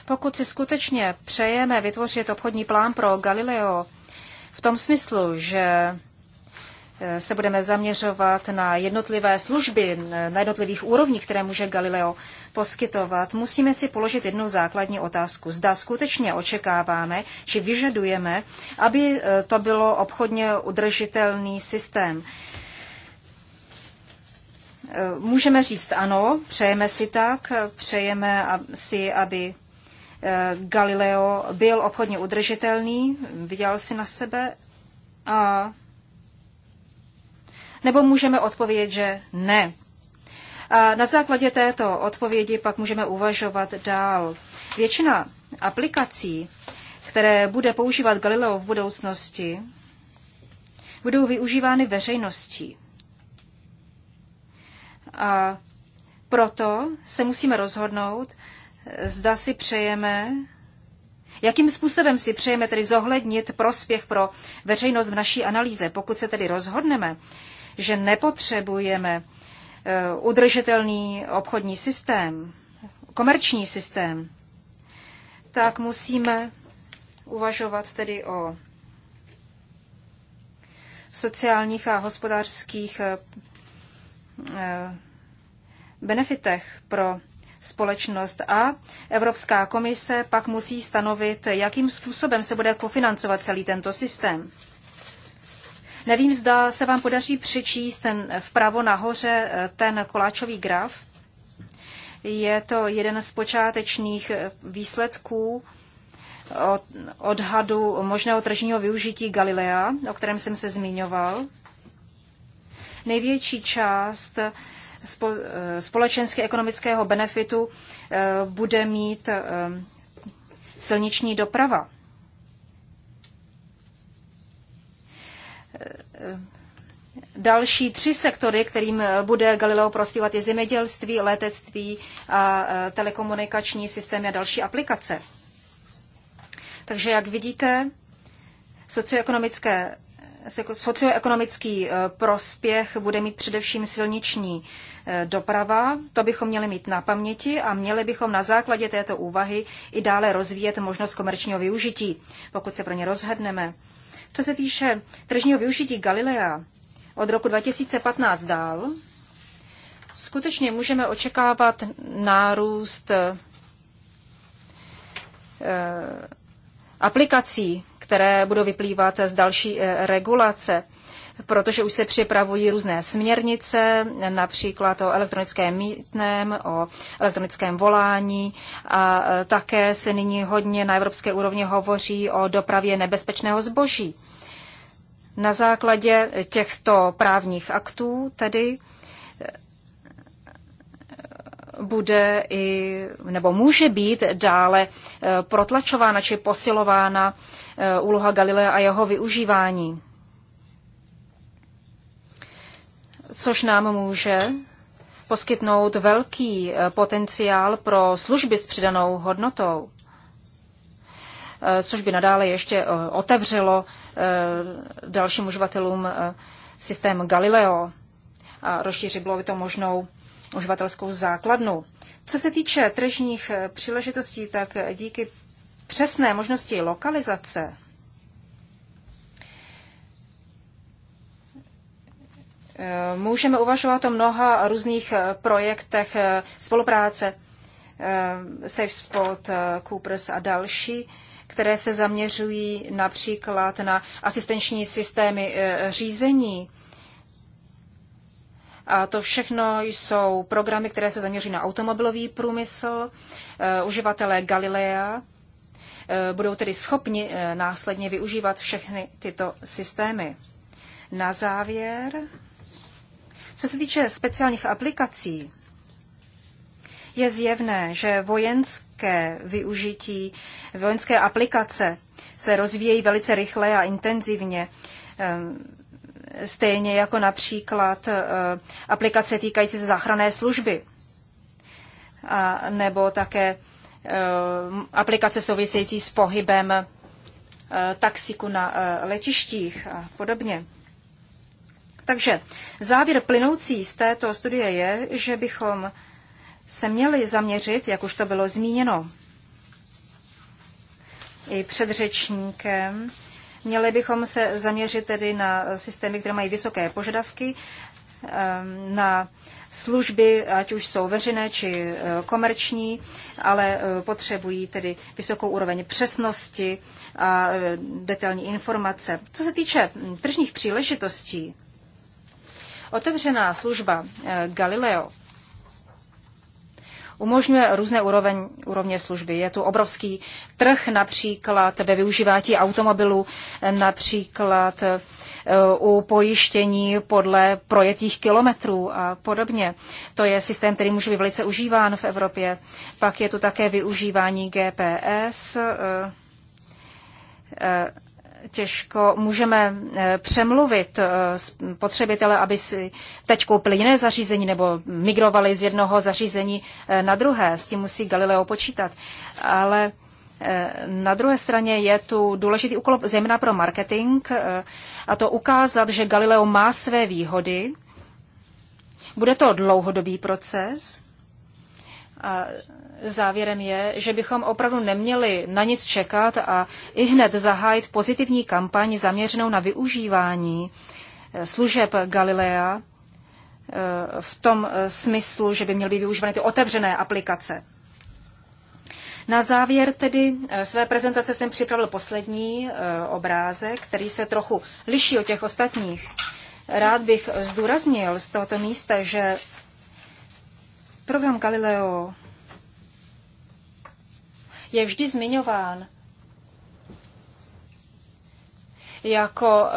Pokud si skutečně přejeme vytvořit obchodní plán pro Galileo v tom smyslu, že Eh, se budeme zaměřovat na jednotlivé služby na jednotlivých úrovních, které může Galileo poskytovat, musíme si položit jednu základní otázku. Zda skutečně očekáváme, či vyžadujeme, aby eh, to bylo obchodně udržitelný systém. Eh, můžeme říct ano, přejeme si tak, přejeme si, aby Galileo byl obchodně udržitelný, viděl si na sebe a nebo můžeme odpovědět, že ne. A na základě této odpovědi pak můžeme uvažovat dál. Většina aplikací, které bude používat Galileo v budoucnosti, budou využívány veřejností. A proto se musíme rozhodnout, zda si přejeme, jakým způsobem si přejeme tedy zohlednit prospěch pro veřejnost v naší analýze. Pokud se tedy rozhodneme, že nepotřebujeme eh, udržitelný obchodní systém, komerční systém, tak musíme uvažovat tedy o sociálních a hospodářských eh, eh, benefitech pro společnost a Evropská komise pak musí stanovit, jakým způsobem se bude kofinancovat celý tento systém. Nevím, zda se vám podaří přečíst ten vpravo nahoře eh, ten koláčový graf. Je to jeden z počátečních eh, výsledků eh, odhadu možného tržního využití Galilea, o kterém jsem se zmiňoval. Největší část společenského ekonomického benefitu bude mít silniční doprava. Eh, další tři sektory, kterým eh, bude Galileo prospívat, je zemědělství, letectví a eh, telekomunikační systémy a další aplikace. Takže jak vidíte, socioekonomické, socioekonomický prospěch bude mít především silniční doprava. To bychom měli mít na paměti a měli bychom na základě této úvahy i dále rozvíjet možnost komerčního využití, pokud se pro ně rozhodneme. Co se týče tržního využití Galilea od roku 2015 dál, skutečně můžeme očekávat nárůst eh, aplikací, které budou vyplývat z další eh, regulace protože už se připravují různé směrnice, například o elektronickém mítném, o elektronickém volání a e, také se nyní hodně na evropské úrovni hovoří o dopravě nebezpečného zboží. Na základě těchto právních aktů tedy e, bude i, nebo může být dále e, protlačována či posilována úloha Galilea a jeho využívání. což nám může poskytnout velký eh, potenciál pro služby s přidanou hodnotou, eh, což by nadále ještě eh, otevřelo dalším uživatelům systém Galileo a rozšířilo by to možnou uživatelskou základnu. Co se týče tržních příležitostí, tak díky přesné možnosti lokalizace Můžeme uvažovat o mnoha různých eh, projektech eh, spolupráce eh, SafeSpot, Coopers a další, které se zaměřují například na asistenční systémy řízení. A to všechno jsou programy, které se zaměřují na automobilový průmysl, uživatelé Galilea, budou tedy schopni následně využívat všechny tyto systémy. Na závěr co se týče speciálních aplikací, je zjevné, že vojenské využití, vojenské aplikace se rozvíjejí velice rychle a intenzivně. Ehm, stejně jako například e, aplikace týkající se záchranné služby a nebo také ehm, aplikace související s pohybem e, taxiku na e, letištích a podobně. Takže závěr plynoucí z této studie je, že bychom se měli zaměřit, jak už to bylo zmíněno i předřečníkem, měli bychom se zaměřit tedy na systémy, které mají vysoké požadavky, ehm, na služby, ať už jsou veřejné či e, komerční, ale e, potřebují tedy vysokou úroveň přesnosti a e, detailní informace. Co se týče tržních příležitostí, Otevřená služba eh, Galileo umožňuje různé úroveň, úrovně služby. Je tu obrovský trh například ve využívání automobilů, například eh, u pojištění podle projetých kilometrů a podobně. To je systém, který může být velice užíván v Evropě. Pak je tu také využívání GPS, eh, těžko můžeme eh, přemluvit eh, potřebitele, aby si teď koupili jiné zařízení nebo migrovali z jednoho zařízení eh, na druhé. S tím musí Galileo počítat. Ale na druhé straně je tu důležitý úkol zejména pro marketing a to ukázat, že Galileo má své výhody. Bude to dlouhodobý proces. A závěrem je, že bychom opravdu neměli na nic čekat a i hned zahájit pozitivní kampaň zaměřenou na využívání eh, služeb Galilea eh, v tom eh, smyslu, že by měly být využívány ty otevřené aplikace. Na závěr tedy své prezentace jsem připravil poslední obrázek, který se trochu liší od těch ostatních. Rád bych zdůraznil z tohoto místa, že program Galileo je vždy zmiňován jako eh,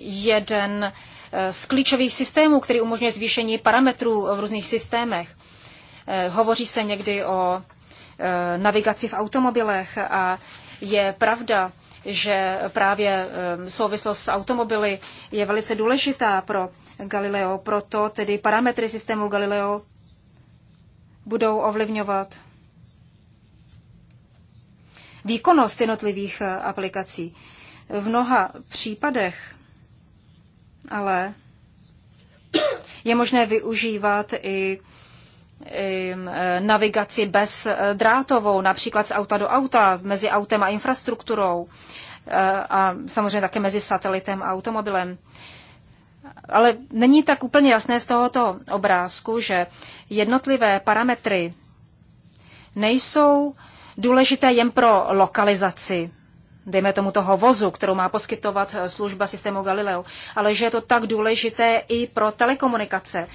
jeden eh, z klíčových systémů, který umožňuje zvýšení parametrů v různých systémech. Eh, hovoří se někdy o navigaci v automobilech a je pravda, že právě souvislost s automobily je velice důležitá pro Galileo, proto tedy parametry systému Galileo budou ovlivňovat výkonnost jednotlivých eh, aplikací. V mnoha případech ale je možné využívat i mm, eh, navigaci bez eh, drátovou, například z auta do auta, mezi autem a infrastrukturou a samozřejmě také mezi satelitem a automobilem. Ale není tak úplně jasné z tohoto obrázku, že jednotlivé parametry nejsou důležité jen pro lokalizaci dejme tomu toho vozu, kterou má poskytovat eh, služba systému Galileo, ale že je to tak důležité i pro telekomunikace.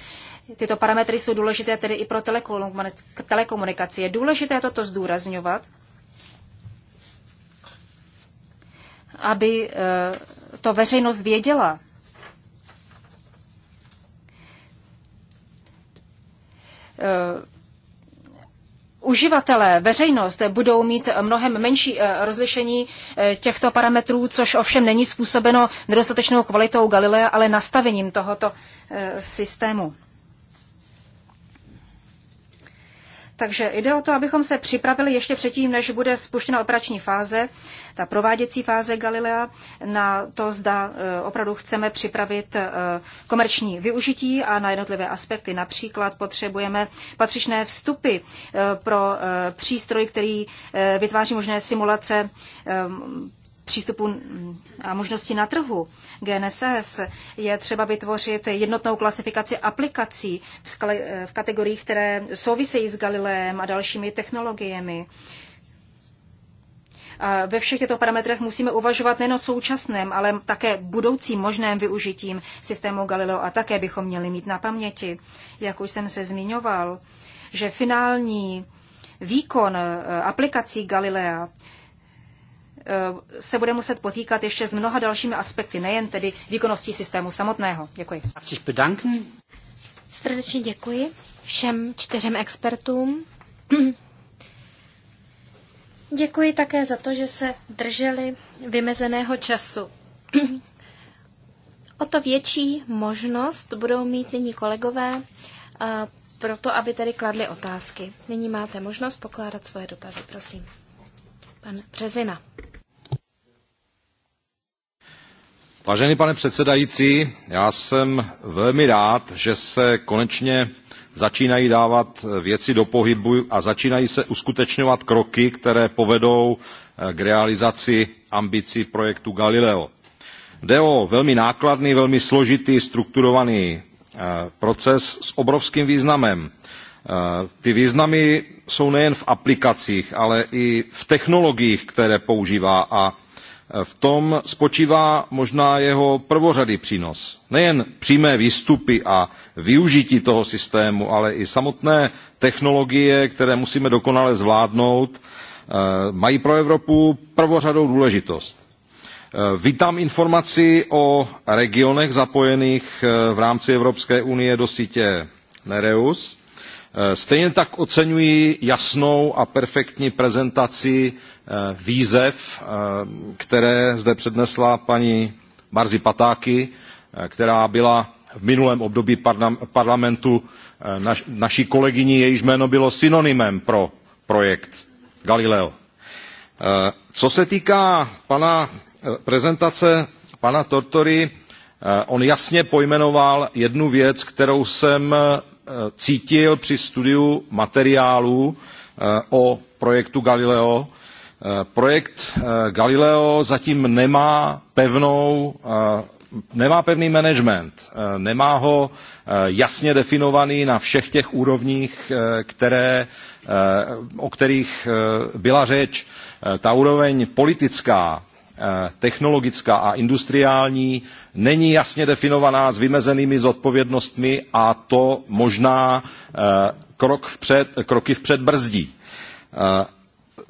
Tyto parametry jsou důležité tedy i pro telekomunikaci. Je důležité toto zdůrazňovat, aby eh, to veřejnost věděla. Eh, uživatelé, veřejnost budou mít mnohem menší eh, rozlišení eh, těchto parametrů, což ovšem není způsobeno nedostatečnou kvalitou Galilea, ale nastavením tohoto eh, systému. Takže jde o to, abychom se připravili ještě předtím, než bude spuštěna operační fáze, ta prováděcí fáze Galilea, na to, zda eh, opravdu chceme připravit eh, komerční využití a na jednotlivé aspekty. Například potřebujeme patřičné vstupy eh, pro přístroj, který vytváří možné simulace přístupu mm, a možnosti na trhu GNSS je třeba vytvořit jednotnou klasifikaci aplikací eh, v kategoriích, které souvisejí s Galileem a dalšími technologiemi. A ve všech těchto parametrech musíme uvažovat nejen o současném, ale také budoucím možném využitím systému Galileo a také bychom měli mít na paměti, jak už jsem se zmiňoval, že finální výkon eh, aplikací Galilea Eh, se bude muset potýkat ještě s mnoha dalšími aspekty, nejen tedy výkonností systému samotného. Děkuji. Srdečně děkuji všem čtyřem expertům. Děkuji také za to, že se drželi vymezeného času. O to větší možnost budou mít nyní kolegové eh, pro to, aby tedy kladli otázky. Nyní máte možnost pokládat svoje dotazy, prosím. Pan Březina. Vážený pane předsedající, já jsem velmi rád, že se konečně začínají dávat věci do pohybu a začínají se uskutečňovat kroky, které povedou eh, k realizaci ambicí projektu Galileo. Jde o velmi nákladný, velmi složitý, strukturovaný eh, proces s obrovským významem. Eh, ty významy jsou nejen v aplikacích, ale i v technologiích, které používá a v tom spočívá možná jeho prvořadý přínos. Nejen přímé výstupy a využití toho systému, ale i samotné technologie, které musíme dokonale zvládnout, eh, mají pro Evropu prvořadou důležitost. Eh, vítám informaci o regionech zapojených eh, v rámci Evropské unie do sítě Nereus Eh, stejně tak oceňuji jasnou a perfektní prezentaci eh, výzev, eh, které zde přednesla paní Barzi Patáky, která byla v minulém období parlamentu naší kolegyní, jejíž jméno bylo synonymem pro projekt Galileo. Co se týká pana prezentace pana Tortory, on jasně pojmenoval jednu věc, kterou jsem Eh, cítil při studiu materiálů eh, o projektu Galileo. Eh, projekt Galileo zatím nemá pevnou nemá pevný management, nemá ho jasně definovaný na všech těch úrovních, které, o kterých byla řeč. Ta úroveň politická, Eh, technologická a industriální není jasně definovaná s vymezenými zodpovědnostmi a to možná eh, krok vpřed, kroky vpřed brzdí. Eh,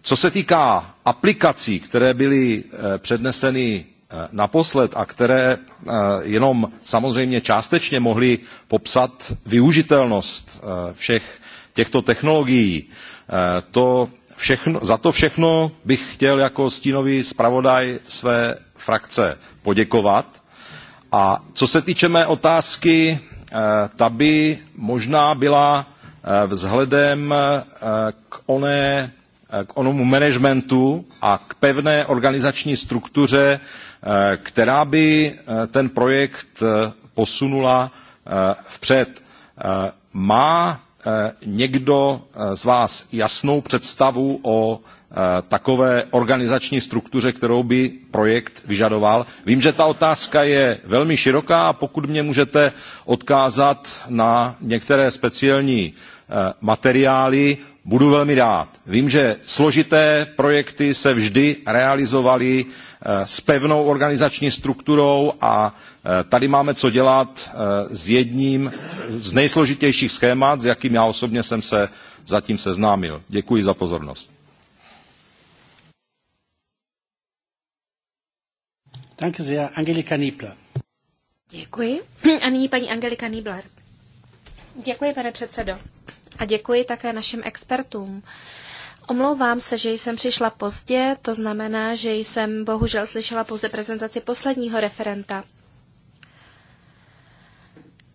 co se týká aplikací, které byly předneseny naposled a které jenom samozřejmě částečně mohly popsat využitelnost všech těchto technologií, to všechno, za to všechno bych chtěl jako stínový zpravodaj své frakce poděkovat. A co se týče mé otázky, eh, ta by možná byla eh, vzhledem eh, k, oné, k onomu managementu a k pevné organizační struktuře, která by ten projekt posunula vpřed. Má Eh, někdo eh, z vás jasnou představu o eh, takové organizační struktuře, kterou by projekt vyžadoval. Vím, že ta otázka je velmi široká a pokud mě můžete odkázat na některé speciální materiály, budu velmi rád. Vím, že složité projekty se vždy realizovaly Eh, s pevnou organizační strukturou a eh, tady máme co dělat eh, s jedním z nejsložitějších schémat, s jakým já osobně jsem se zatím seznámil. Děkuji za pozornost. Danke sehr, Angelika Niebler. Děkuji. A nyní paní Angelika Niebler. Děkuji, pane předsedo. A děkuji také našim expertům. Omlouvám se, že jsem přišla pozdě, to znamená, že jsem bohužel slyšela pouze prezentaci posledního referenta.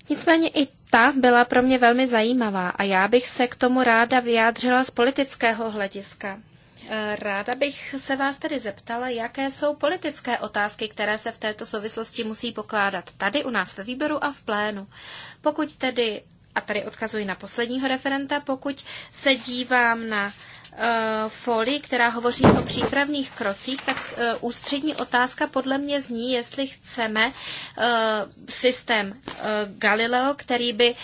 Nicméně i ta byla pro mě velmi zajímavá a já bych se k tomu ráda vyjádřila z politického hlediska. Eh, ráda bych se vás tedy zeptala, jaké jsou politické otázky, které se v této souvislosti musí pokládat tady u nás ve výboru a v plénu. Pokud tedy, a tady odkazuji na posledního referenta, pokud se dívám na Eh, folii, která hovoří o přípravných krocích, tak eh, ústřední otázka podle mě zní, jestli chceme eh, systém Galileo, který by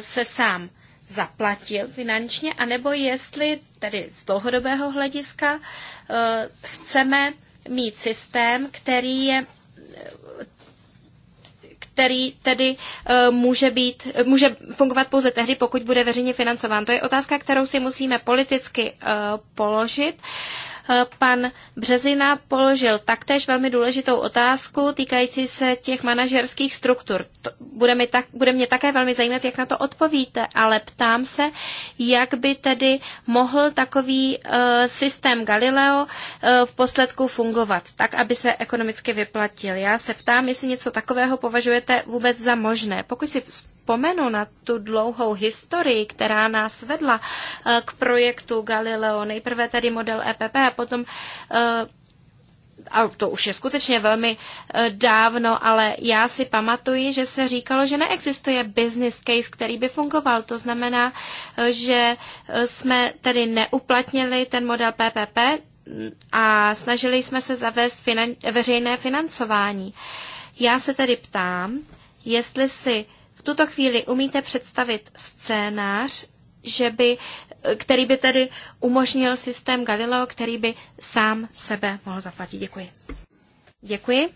se sám zaplatil finančně, anebo jestli tedy z dlouhodobého hlediska chceme mít systém, který je který tedy eh, může, být, může fungovat pouze tehdy, pokud bude veřejně financován. To je otázka, kterou si musíme politicky eh, položit. Eh, pan Březina položil taktéž velmi důležitou otázku týkající se těch manažerských struktur. To bude, mi tak, bude mě také velmi zajímat, jak na to odpovíte, ale ptám se, jak by tedy mohl takový uh, systém Galileo uh, v posledku fungovat, tak, aby se ekonomicky vyplatil. Já se ptám, jestli něco takového považujete vůbec za možné. Pokud si vzpomenu na tu dlouhou historii, která nás vedla eh, k projektu Galileo, nejprve tedy model EPP a potom eh, a to už je skutečně velmi eh, dávno, ale já si pamatuji, že se říkalo, že neexistuje business case, který by fungoval. To znamená, že jsme tedy neuplatnili ten model PPP a snažili jsme se zavést finan- veřejné financování. Já se tedy ptám, jestli si v tuto chvíli umíte představit scénář, že by, který by tedy umožnil systém Galileo, který by sám sebe mohl zaplatit. Děkuji. Děkuji.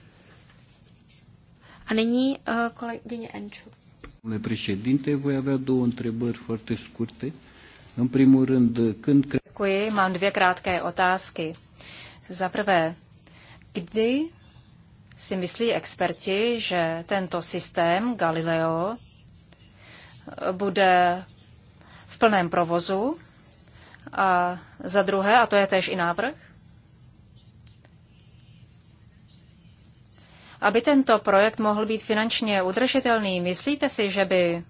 A nyní uh, kolegyně Enču. Domnule președinte, voi avea două întrebări foarte scurte. În primul rând, când... Děkuji, mám dvě krátké otázky. Za prvé, kdy si myslí experti, že tento systém Galileo bude v plném provozu. A za druhé, a to je též i návrh, aby tento projekt mohl být finančně udržitelný, myslíte si, že by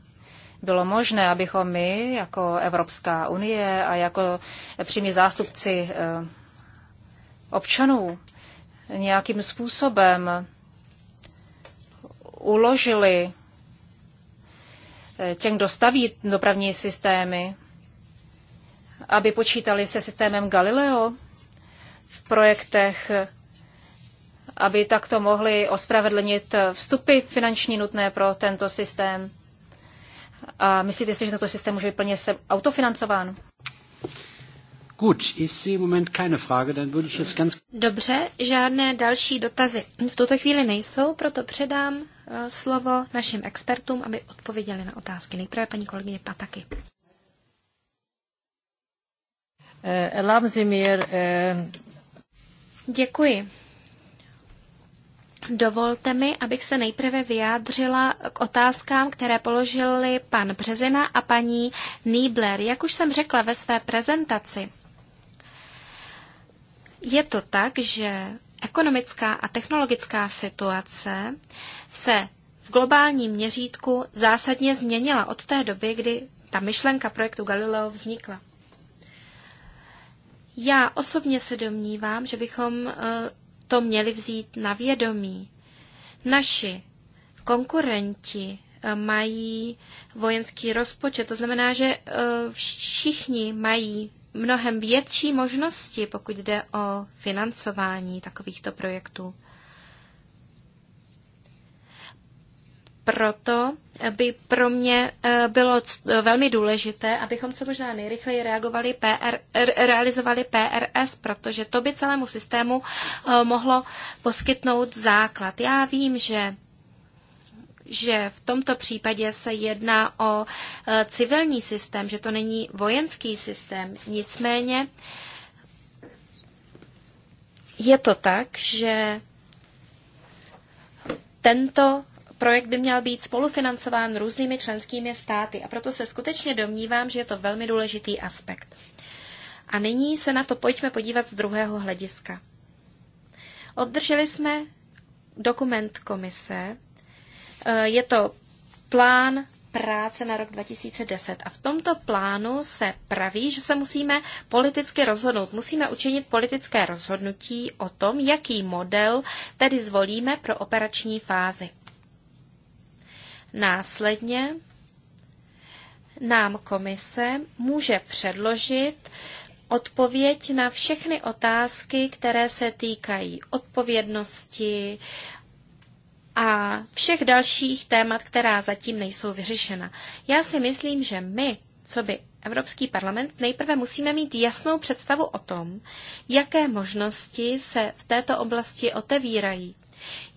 bylo možné, abychom my jako Evropská unie a jako přímí zástupci eh, občanů nějakým způsobem uložili eh, těm, kdo staví dopravní systémy, aby počítali se systémem Galileo v projektech, aby takto mohli ospravedlnit vstupy finanční nutné pro tento systém. A myslíte si, že tento systém může být plně autofinancován? Dobře, žádné další dotazy v tuto chvíli nejsou, proto předám eh, slovo našim expertům, aby odpověděli na otázky. Nejprve paní kolegyně Pataky. Eh, eh, Děkuji. Dovolte mi, abych se nejprve vyjádřila k otázkám, které položili pan Březina a paní Niebler. Jak už jsem řekla ve své prezentaci, je to tak, že ekonomická a technologická situace se v globálním měřítku zásadně změnila od té doby, kdy ta myšlenka projektu Galileo vznikla. Já osobně se domnívám, že bychom eh, to měli vzít na vědomí. Naši konkurenti eh, mají vojenský rozpočet, to znamená, že eh, všichni mají mnohem větší možnosti, pokud jde o financování takovýchto projektů. Proto by pro mě eh, bylo eh, velmi důležité, abychom co možná nejrychleji reagovali PR, realizovali PRS, protože to by celému systému eh, mohlo poskytnout základ. Já vím, že že v tomto případě se jedná o e, civilní systém, že to není vojenský systém. Nicméně je to tak, že tento projekt by měl být spolufinancován různými členskými státy a proto se skutečně domnívám, že je to velmi důležitý aspekt. A nyní se na to pojďme podívat z druhého hlediska. Obdrželi jsme dokument komise, Eh, je to plán práce na rok 2010. A v tomto plánu se praví, že se musíme politicky rozhodnout. Musíme učinit politické rozhodnutí o tom, jaký model tedy zvolíme pro operační fázi. Následně nám komise může předložit odpověď na všechny otázky, které se týkají odpovědnosti, a všech dalších témat, která zatím nejsou vyřešena. Já si myslím, že my, co by Evropský parlament, nejprve musíme mít jasnou představu o tom, jaké možnosti se v této oblasti otevírají,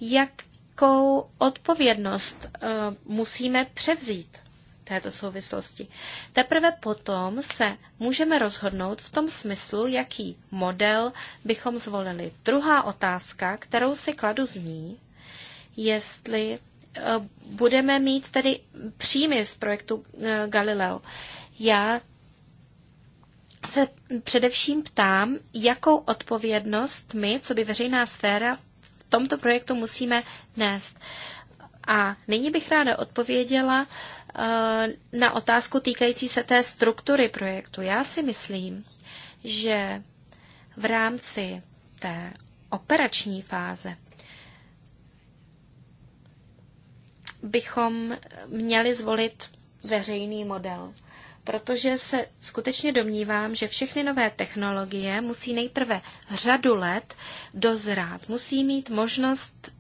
jakou odpovědnost uh, musíme převzít této souvislosti. Teprve potom se můžeme rozhodnout v tom smyslu, jaký model bychom zvolili. Druhá otázka, kterou si kladu z ní jestli eh, budeme mít tedy příjmy z projektu eh, Galileo. Já se především ptám, jakou odpovědnost my, co by veřejná sféra, v tomto projektu musíme nést. A nyní bych ráda odpověděla eh, na otázku týkající se té struktury projektu. Já si myslím, že v rámci té operační fáze bychom měli zvolit veřejný model, protože se skutečně domnívám, že všechny nové technologie musí nejprve řadu let dozrát, musí mít možnost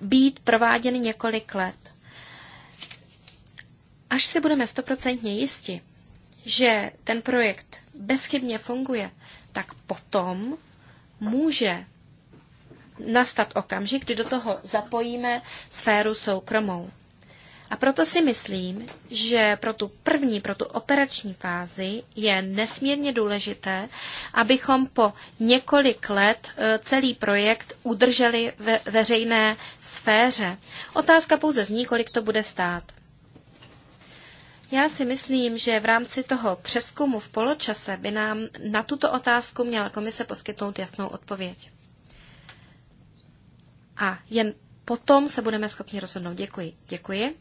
být prováděny několik let. Až se budeme stoprocentně jisti, že ten projekt bezchybně funguje, tak potom může nastat okamžik, kdy do toho zapojíme sféru soukromou. A proto si myslím, že pro tu první, pro tu operační fázi je nesmírně důležité, abychom po několik let e, celý projekt udrželi ve veřejné sféře. Otázka pouze zní, kolik to bude stát. Já si myslím, že v rámci toho přeskumu v poločase by nám na tuto otázku měla komise poskytnout jasnou odpověď a jen potom se budeme schopni rozhodnout. Děkuji. Děkuji.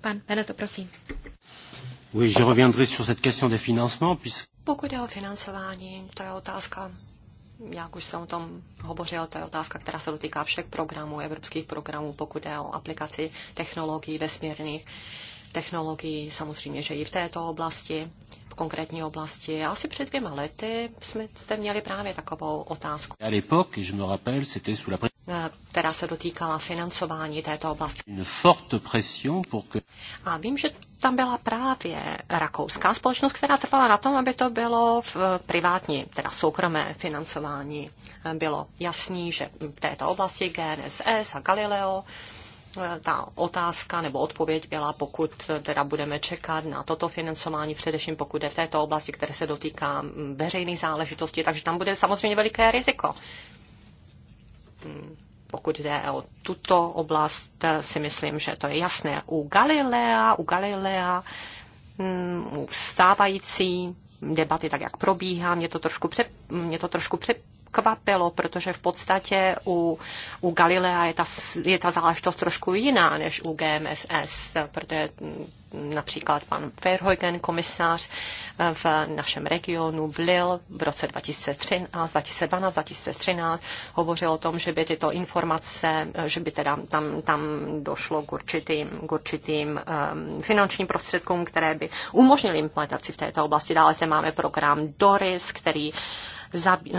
Pan Beneto, prosím. Oui, je reviendrai sur cette question des financements, puisque... Pokud je o financování, to je otázka, jak už jsem o tom hovořil, to je otázka, která se dotýká všech programů, evropských programů, pokud je o aplikaci technologií, vesmírných technologií, samozřejmě, že i v této oblasti v konkrétní oblasti. Asi před dvěma lety jsme zde měli právě takovou otázku, která eh, se dotýkala financování této oblasti. A vím, že tam byla právě rakouská společnost, která trvala na tom, aby to bylo v eh, privátní, teda soukromé financování. Eh, bylo jasný, že v této oblasti GNSS a Galileo ta otázka nebo odpověď byla, pokud teda budeme čekat na toto financování, především pokud je v této oblasti, které se dotýká mm, veřejných záležitostí, takže tam bude samozřejmě veliké riziko. Mm, pokud jde o tuto oblast, si myslím, že to je jasné. U Galilea, u Galilea, mm, u stávající debaty, tak jak probíhá, mě to trošku, pře, mě to trošku pře, překvapilo, protože v podstatě u, u Galilea je ta, je ta záležitost trošku jiná než u GMSS, protože mm, například pan Verhoeven, komisář eh, v našem regionu v Lille v roce 2013, 2012, 2013 hovořil o tom, že by tyto informace, eh, že by teda tam, tam došlo k určitým, k určitým um, finančním prostředkům, které by umožnily implementaci v této oblasti. Dále se máme program DORIS, který uh,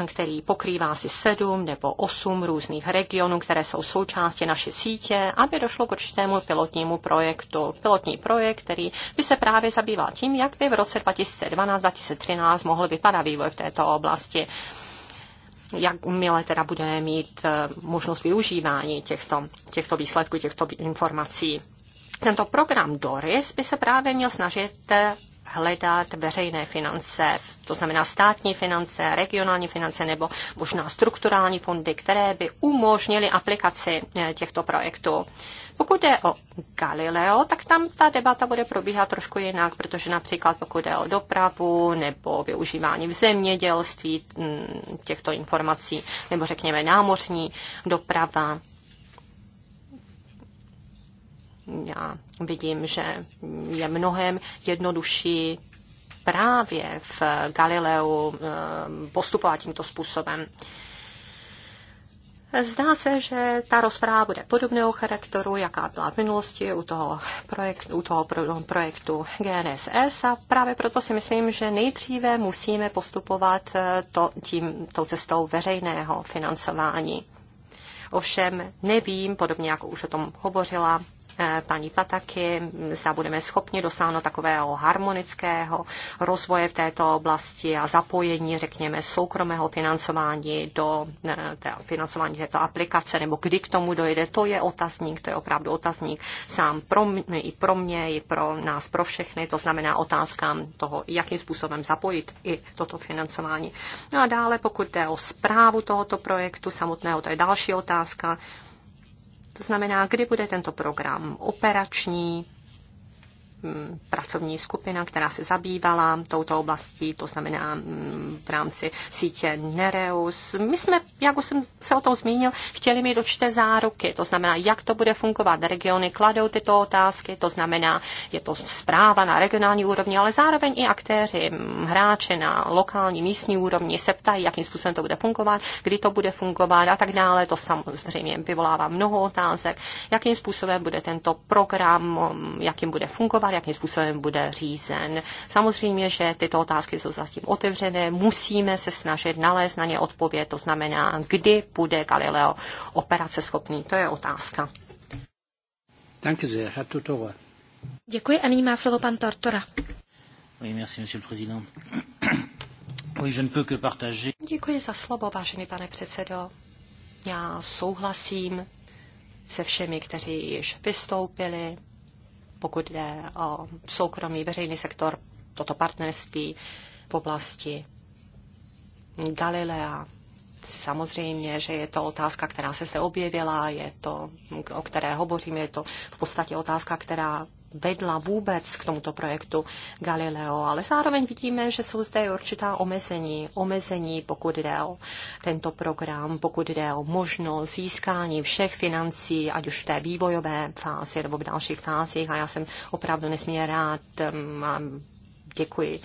který pokrývá asi sedm nebo osm různých regionů, které jsou součástí naší sítě, aby došlo k určitému pilotnímu projektu. Pilotní projekt, který by se právě zabýval tím, jak by v roce 2012-2013 mohl vypadat vývoj v této oblasti jakmile teda budeme mít eh, možnost využívání těchto, těchto výsledků, těchto informací. Tento program DORIS by se právě měl snažit eh, hledat veřejné finance, to znamená státní finance, regionální finance nebo možná strukturální fondy, které by umožnily aplikaci eh, těchto projektů. Pokud je o Galileo, tak tam ta debata bude probíhat trošku jinak, protože například pokud je o dopravu nebo využívání v zemědělství mm, těchto informací, nebo řekněme námořní doprava, já vidím, že je mnohem jednodušší právě v Galileu eh, postupovat tímto způsobem. Zdá se, že ta rozpráva bude podobného charakteru, jaká byla v minulosti u toho, projektu, u toho projektu GNSS a právě proto si myslím, že nejdříve musíme postupovat eh, to, tím, tou cestou veřejného financování. Ovšem nevím, podobně jako už o tom hovořila Eh, paní Pataky, zda budeme schopni dosáhnout takového harmonického rozvoje v této oblasti a zapojení, řekněme, soukromého financování do eh, té, financování této aplikace, nebo kdy k tomu dojde, to je otazník, to je opravdu otazník sám pro mě, i pro mě, i pro nás, pro všechny, to znamená otázkám toho, jakým způsobem zapojit i toto financování. No a dále, pokud jde o zprávu tohoto projektu samotného, to je další otázka, to znamená, kdy bude tento program operační, Mm, pracovní skupina, která se zabývala touto oblastí, to znamená mm, v rámci sítě Nereus. My jsme, jak už jsem se o tom zmínil, chtěli mít určité záruky, to znamená, jak to bude fungovat. Regiony kladou tyto otázky, to znamená, je to zpráva na regionální úrovni, ale zároveň i aktéři, mm, hráči na lokální, místní úrovni se ptají, jakým způsobem to bude fungovat, kdy to bude fungovat a tak dále. To samozřejmě vyvolává mnoho otázek, jakým způsobem bude tento program, jakým bude fungovat, jakým způsobem bude řízen. Samozřejmě, že tyto otázky jsou zatím otevřené, musíme se snažit nalézt na ně odpověď, to znamená, kdy bude Galileo operace schopný, to je otázka. Danke sehr, Herr Děkuji a nyní má slovo pan Tortora. Oui, merci, monsieur le président. Oui, je ne peux que partager. Děkuji za slovo, vážený pane předsedo. Já souhlasím se všemi, kteří již vystoupili pokud jde o soukromý veřejný sektor, toto partnerství v oblasti Galilea. Samozřejmě, že je to otázka, která se zde objevila, je to, o které hovoříme, je to v podstatě otázka, která vedla vůbec k tomuto projektu Galileo, ale zároveň vidíme, že jsou zde určitá omezení. Omezení, pokud jde o tento program, pokud jde o možnost získání všech financí, ať už v té vývojové fázi nebo v dalších fázích. A já jsem opravdu nesmírně rád, mám um, děkuji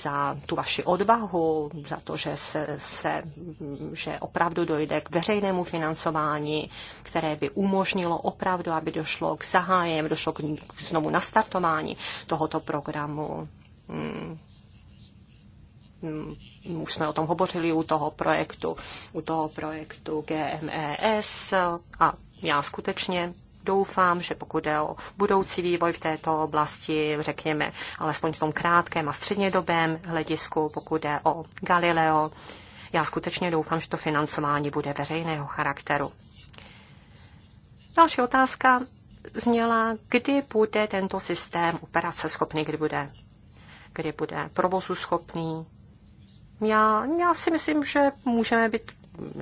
za tu vaši odvahu, za to, že, se, se, že opravdu dojde k veřejnému financování, které by umožnilo opravdu, aby došlo k zahájem, došlo k, k znovu nastartování tohoto programu. Hmm. hmm už jsme o tom hovořili u toho projektu, u toho projektu GMES a já skutečně doufám, že pokud jde o budoucí vývoj v této oblasti, řekněme alespoň v tom krátkém a střednědobém hledisku, pokud jde o Galileo, já skutečně doufám, že to financování bude veřejného charakteru. Další otázka zněla, kdy bude tento systém operace schopný, kdy bude, kdy bude provozu schopný. Já, já si myslím, že můžeme být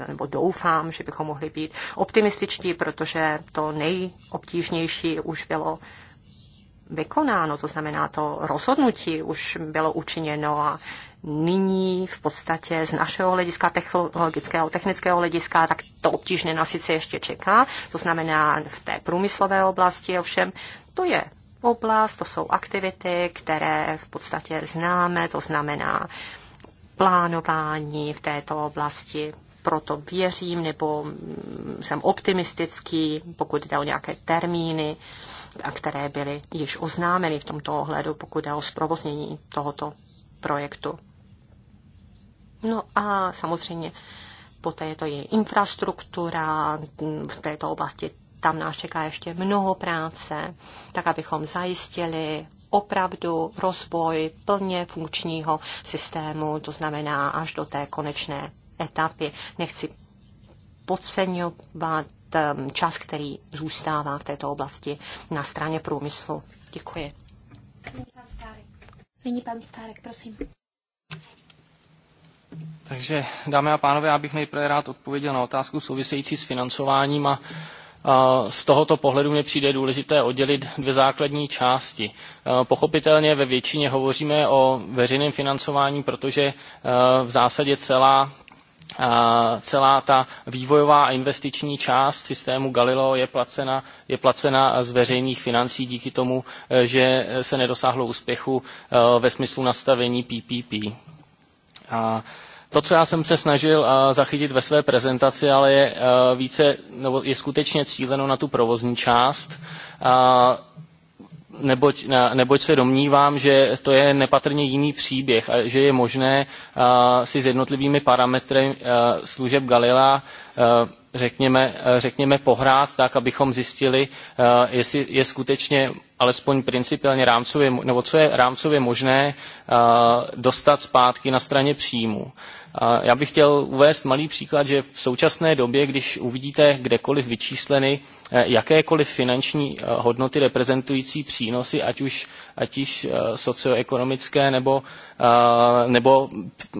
nebo doufám, že bychom mohli být optimističtí, protože to nejobtížnější už bylo vykonáno, to znamená, to rozhodnutí už bylo učiněno a nyní v podstatě z našeho hlediska, technologického, technického hlediska, tak to obtížně nás sice ještě čeká, to znamená v té průmyslové oblasti, ovšem to je oblast, to jsou aktivity, které v podstatě známe, to znamená plánování v této oblasti, proto věřím nebo mm, jsem optimistický, pokud jde o nějaké termíny, a které byly již oznámeny v tomto ohledu, pokud jde o zprovoznění tohoto projektu. No a samozřejmě poté je to i infrastruktura mm, v této oblasti. Tam nás čeká ještě mnoho práce, tak abychom zajistili opravdu rozvoj plně funkčního systému, to znamená až do té konečné etapy. Nechci podceňovat ehm, čas, který zůstává v této oblasti na straně průmyslu. Děkuji. Nyní pan Stárek, Nyní pan Stárek prosím. Takže, dámy a pánové, já bych nejprve rád odpověděl na otázku související s financováním a z tohoto pohledu mě přijde důležité oddělit dvě základní části. E, pochopitelně ve většině hovoříme o veřejném financování, protože e, v zásadě celá celá ta vývojová a investiční část systému Galileo je placena, je placena z veřejných financí díky tomu, eh, že se nedosáhlo úspěchu eh, ve smyslu nastavení PPP. A to, co já jsem se snažil eh, zachytit ve své prezentaci, ale je více, nebo je skutečně cíleno na tu provozní část neboť, neboť se domnívám, že to je nepatrně jiný příběh a že je možné si s jednotlivými parametry služeb Galilea řekněme, řekněme pohrát tak, abychom zjistili, jestli je skutečně alespoň principiálně rámcově, nebo co je rámcově možné dostat zpátky na straně příjmů. A já bych chtěl uvést malý příklad, že v současné době, když uvidíte kdekoliv vyčísleny eh, jakékoliv finanční eh, hodnoty reprezentující přínosy, ať už, ať už eh, socioekonomické nebo, nebo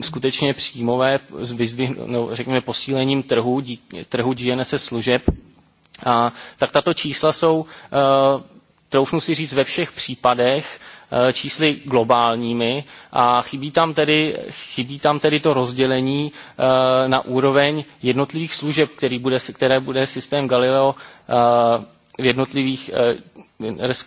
skutečně příjmové, no, řekněme posílením trhu, dí, trhu GNS služeb, a, tak tato čísla jsou, troufnu si říct, ve všech případech Eh, čísly globálními a chybí tam tedy, chybí tam tedy to rozdělení eh, na úroveň jednotlivých služeb, který bude, které bude systém Galileo eh, v jednotlivých,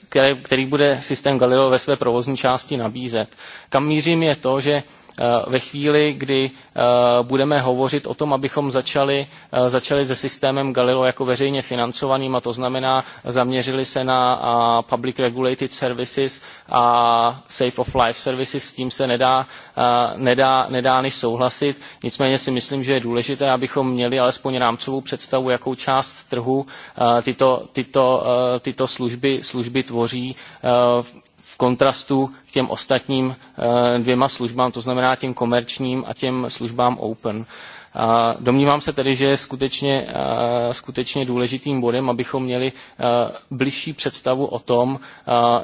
který, který bude systém Galileo ve své provozní části nabízet. Kam mířím je to, že Eh, ve chvíli, kdy eh, budeme hovořit o tom, abychom začali, eh, začali se systémem Galileo jako veřejně financovaným, a to znamená, zaměřili se na public regulated services a safe of life services, s tím se nedá, nedá, nedá než souhlasit. Nicméně si myslím, že je důležité, abychom měli alespoň rámcovou představu, jakou část trhu tyto, tyto, tyto služby, služby tvoří kontrastu k těm ostatním eh, dvěma službám, to znamená těm komerčním a těm službám open. A domnívám se tedy, že je skutečně, eh, skutečně důležitým bodem, abychom měli eh, bližší představu o tom,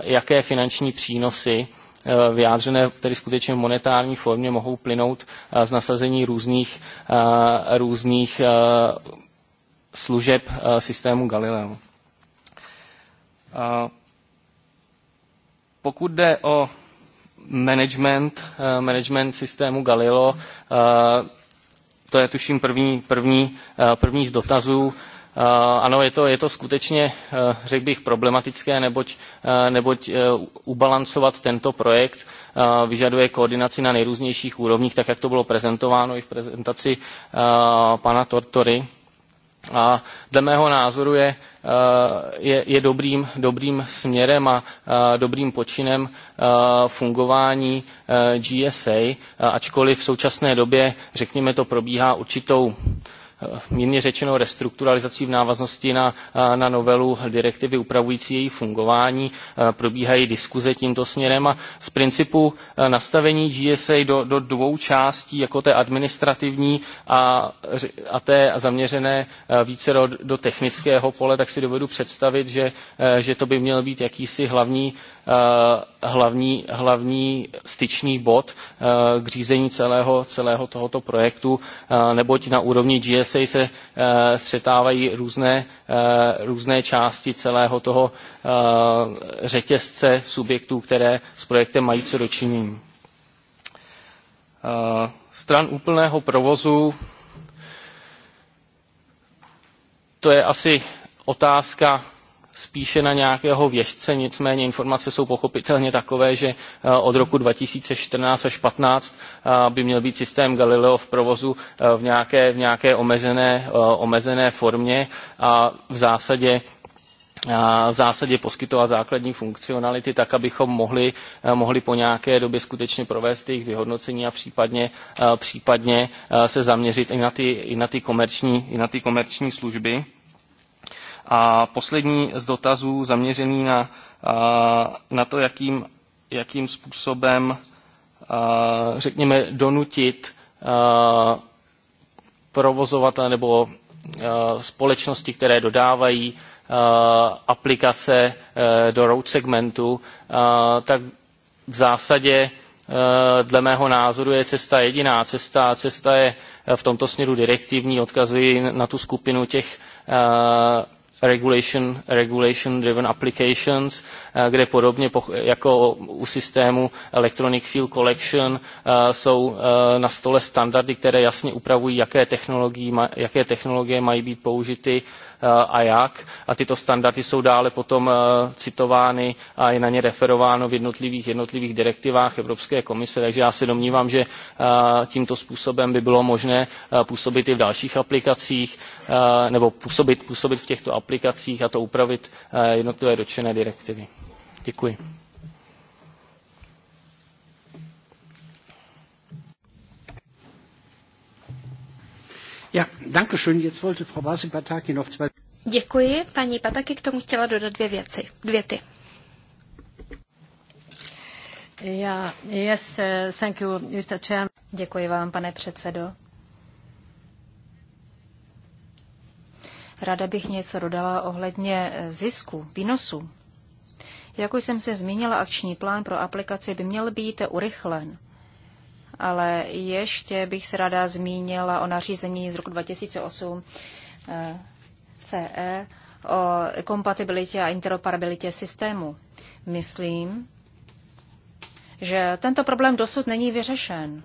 jaké finanční přínosy vyjádřené tedy skutečně v monetární formě mohou plynout z nasazení různých, různých služeb systému Galileo. Pokud jde o management, eh, management systému Galileo, eh, to je tuším první, první, eh, první z dotazů. Ano, je to, je to skutečně, řekl bych, problematické, neboť, neboť ubalancovat tento projekt vyžaduje koordinaci na nejrůznějších úrovních, tak jak to bylo prezentováno i v prezentaci pana Tortory. A dle mého názoru je Eh, je, je dobrým, dobrým směrem a eh, dobrým počinem eh, fungování GSA, ačkoliv v současné době, řekněme, to probíhá určitou mírně řečeno restrukturalizací v návaznosti na, na novelu direktivy upravující její fungování. Probíhají diskuze tímto směrem a z principu nastavení GSA do, do dvou částí, jako té administrativní a, a té zaměřené více do, do technického pole, tak si dovedu představit, že, že to by měl být jakýsi hlavní hlavní, hlavní styčný bod k řízení celého, celého tohoto projektu, neboť na úrovni GS eseji se eh, střetávají různé, eh, různé části celého toho eh, řetězce subjektů, které s projektem mají co dočinění. Stran úplného provozu, to je asi otázka spíše na nějakého věžce, nicméně informace jsou pochopitelně takové, že eh, od roku 2014 až 15 eh, by měl být systém Galileo v provozu eh, v nějaké, v nějaké omezené, omezené formě a v zásadě v zásadě poskytovat základní funkcionality tak, abychom mohli, mohli po nějaké době skutečně provést jejich vyhodnocení a případně, případně se zaměřit i na ty, i na ty, komerční, i na ty komerční služby. A poslední z dotazů zaměřený na, na to, jakým, jakým způsobem, řekněme, donutit provozovatele nebo společnosti, které dodávají aplikace e, do road segmentu, tak v zásadě e, dle mého názoru je cesta jediná. Cesta, cesta je v tomto směru direktivní, odkazuji na tu skupinu těch regulation, regulation driven applications, eh, kde podobně jako u systému electronic field collection eh, jsou eh, na stole standardy, které jasně upravují, jaké technologie, jaké technologie mají být použity Eh, a jak. A tyto standardy jsou dále potom eh, citovány a je na ně referováno v jednotlivých, jednotlivých direktivách Evropské komise. Takže já se domnívám, že eh, tímto způsobem by bylo možné působit i v dalších aplikacích nebo působit, působit v těchto aplikacích a to upravit jednotlivé dotčené direktivy. Děkuji. Ja, danke schön. Jetzt wollte Frau Basi Pataki noch zwei... Děkuji. Paní Pataki k tomu chtěla dodat dvě věci. Dvě ty. Yeah, yes, uh, thank you, Mr. Chairman. Děkuji vám, pane předsedo. Ráda bych něco dodala ohledně eh, zisku, výnosu. Jak už jsem se zmínila, akční plán pro aplikaci by měl být urychlen ale ještě bych se ráda zmínila o nařízení z roku 2008 CE eh, e, o kompatibilitě a interoperabilitě systému. Myslím, že tento problém dosud není vyřešen.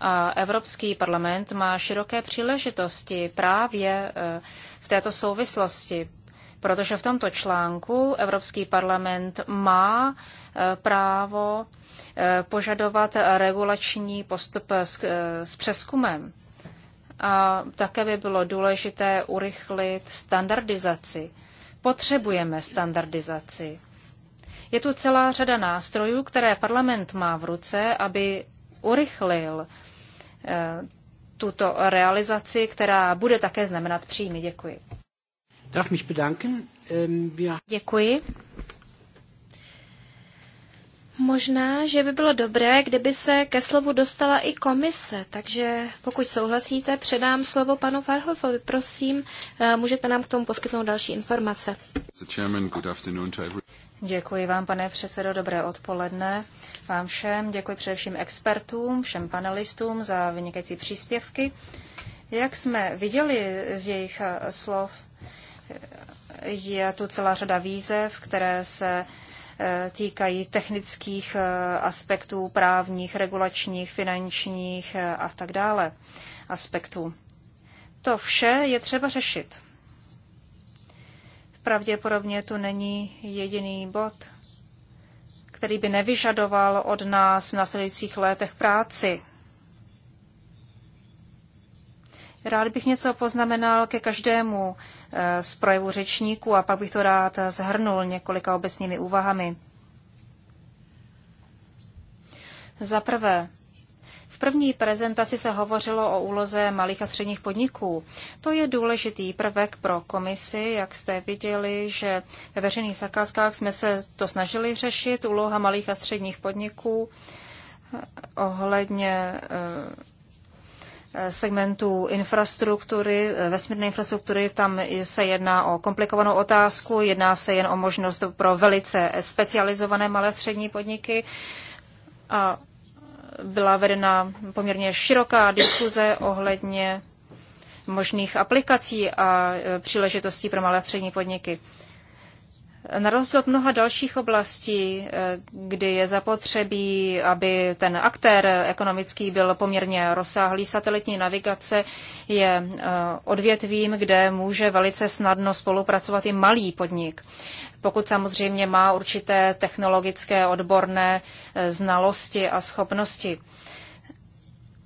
A Evropský parlament má široké příležitosti právě eh, v této souvislosti protože v tomto článku Evropský parlament má e, právo e, požadovat regulační postup s, e, s přeskumem. A také by bylo důležité urychlit standardizaci. Potřebujeme standardizaci. Je tu celá řada nástrojů, které parlament má v ruce, aby urychlil tuto realizaci, která bude také znamenat příjmy. Děkuji. Darf mich bedanken. Ähm, Děkuji. Možná, že by bylo dobré, kdyby se ke slovu dostala i komise, takže pokud souhlasíte, předám slovo panu Farhofovi. Prosím, eh, můžete nám k tomu poskytnout další informace. Děkuji vám, pane předsedo, dobré odpoledne vám všem. Děkuji především expertům, všem panelistům za vynikající příspěvky. Jak jsme viděli z jejich eh, slov, je tu celá řada výzev, které se eh, týkají technických eh, aspektů, právních, regulačních, finančních eh, a tak dále aspektů. To vše je třeba řešit. Pravděpodobně tu není jediný bod, který by nevyžadoval od nás v následujících letech práci. Rád bych něco poznamenal ke každému Eh, z projevu řečníků a pak bych to rád zhrnul několika obecnými úvahami. Za prvé, v první prezentaci se hovořilo o úloze malých a středních podniků. To je důležitý prvek pro komisi, jak jste viděli, že ve veřejných zakázkách jsme se to snažili řešit, úloha malých a středních podniků eh, ohledně eh, Eh, segmentů infrastruktury, eh, vesmírné infrastruktury, tam se jedná o komplikovanou otázku, jedná se jen o možnost pro velice specializované malé střední podniky a byla vedena poměrně široká diskuze ohledně možných aplikací a eh, příležitostí pro malé a střední podniky. Na rozdíl od mnoha dalších oblastí, eh, kdy je zapotřebí, aby ten aktér ekonomický byl poměrně rozsáhlý, satelitní navigace je eh, odvětvím, kde může velice snadno spolupracovat i malý podnik. Pokud samozřejmě má určité technologické odborné eh, znalosti a schopnosti.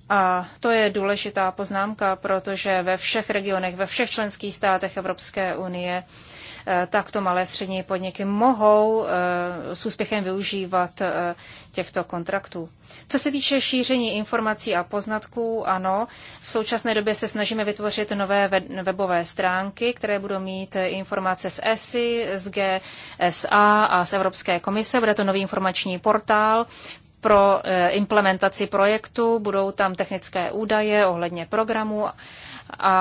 A to je důležitá poznámka, protože ve všech regionech, ve všech členských státech Evropské unie Eh, takto malé střední podniky mohou eh, s úspěchem využívat eh, těchto kontraktů. Co se týče šíření informací a poznatků, ano, v současné době se snažíme vytvořit nové webové stránky, které budou mít informace z ESI, z GSA a z Evropské komise. Bude to nový informační portál, pro implementaci projektu, budou tam technické údaje ohledně programu a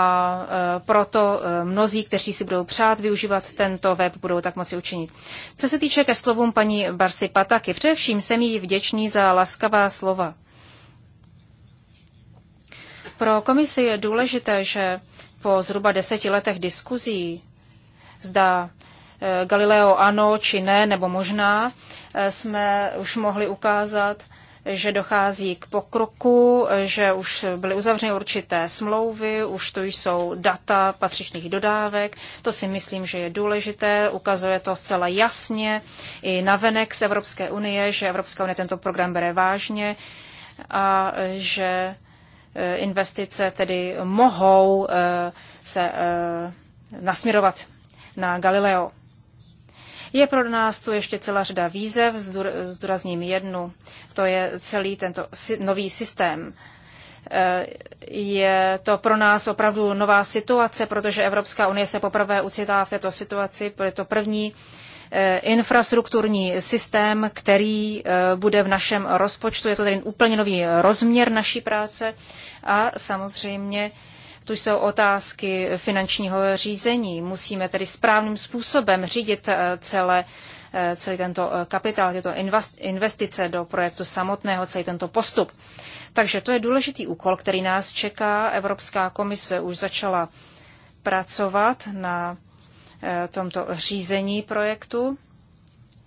e, proto e, mnozí, kteří si budou přát využívat tento web, budou tak moci učinit. Co se týče ke slovům paní Barsi Pataky, především jsem jí vděčný za laskavá slova. Pro komisi je důležité, že po zhruba deseti letech diskuzí, zda e, Galileo ano či ne, nebo možná, jsme už mohli ukázat, že dochází k pokroku, že už byly uzavřeny určité smlouvy, už tu jsou data patřičných dodávek. To si myslím, že je důležité. Ukazuje to zcela jasně i navenek z Evropské unie, že Evropská unie tento program bere vážně a že eh, investice tedy mohou eh, se eh, nasměrovat na Galileo. Je pro nás tu ještě celá řada výzev, zdůrazním jednu, to je celý tento nový systém. Eh, je to pro nás opravdu nová situace, protože Evropská unie se poprvé ucitá v této situaci, je to první eh, infrastrukturní systém, který eh, bude v našem rozpočtu. Je to tedy úplně nový rozměr naší práce a samozřejmě tu jsou otázky finančního řízení. Musíme tedy správným způsobem řídit eh, celé, eh, celý tento eh, kapitál, tyto investice do projektu samotného, celý tento postup. Takže to je důležitý úkol, který nás čeká. Evropská komise už začala pracovat na tomto řízení projektu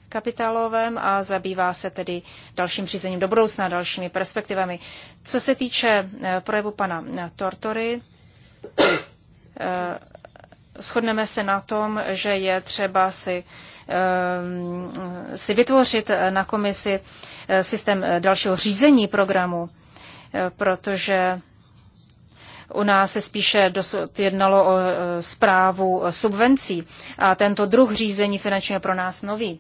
kapitálovém a zabývá se tedy dalším řízením do budoucna, dalšími perspektivami. Co se týče projevu pana Tortory, Eh, shodneme se na tom, že je třeba si, eh, si vytvořit na komisi eh, systém dalšího řízení programu, protože u nás se spíše dosud jednalo o zprávu subvencí a tento druh řízení finančního pro nás nový.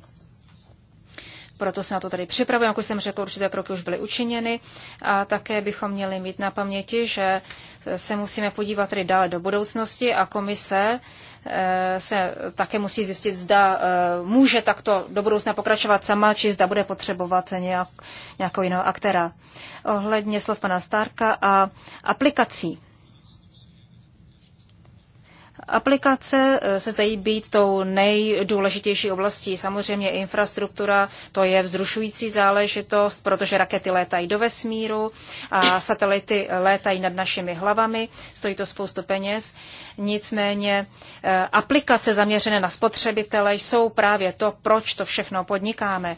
Proto se na to tady připravujeme. Jak už jsem řekl, určité kroky už byly učiněny. A také bychom měli mít na paměti, že se musíme podívat tedy dále do budoucnosti a komise eh, se také musí zjistit, zda eh, může takto do budoucna pokračovat sama, či zda bude potřebovat nějak, nějakou jiného aktéra. Ohledně slov pana Starka a aplikací Aplikace eh, se zdají být tou nejdůležitější oblastí. Samozřejmě infrastruktura, to je vzrušující záležitost, protože rakety létají do vesmíru a satelity létají nad našimi hlavami, stojí to spoustu peněz. Nicméně eh, aplikace zaměřené na spotřebitele jsou právě to, proč to všechno podnikáme.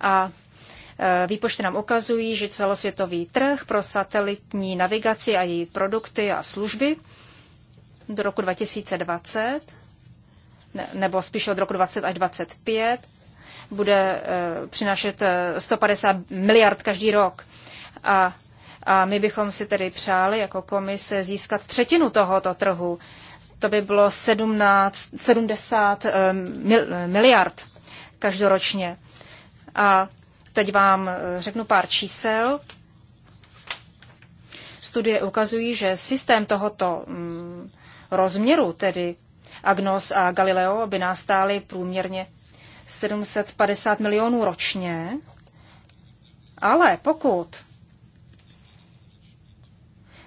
A eh, Výpočty nám ukazují, že celosvětový trh pro satelitní navigaci a její produkty a služby do roku 2020, nebo spíš od roku 20 až 25, bude eh, přinášet 150 eh, miliard každý rok. A, a my bychom si tedy přáli jako komise získat třetinu tohoto trhu. To by bylo 17, 70 eh, miliard každoročně. A teď vám řeknu pár čísel. Studie ukazují, že systém tohoto mm, rozměru, tedy Agnos a Galileo, by nás stály průměrně 750 milionů ročně. Ale pokud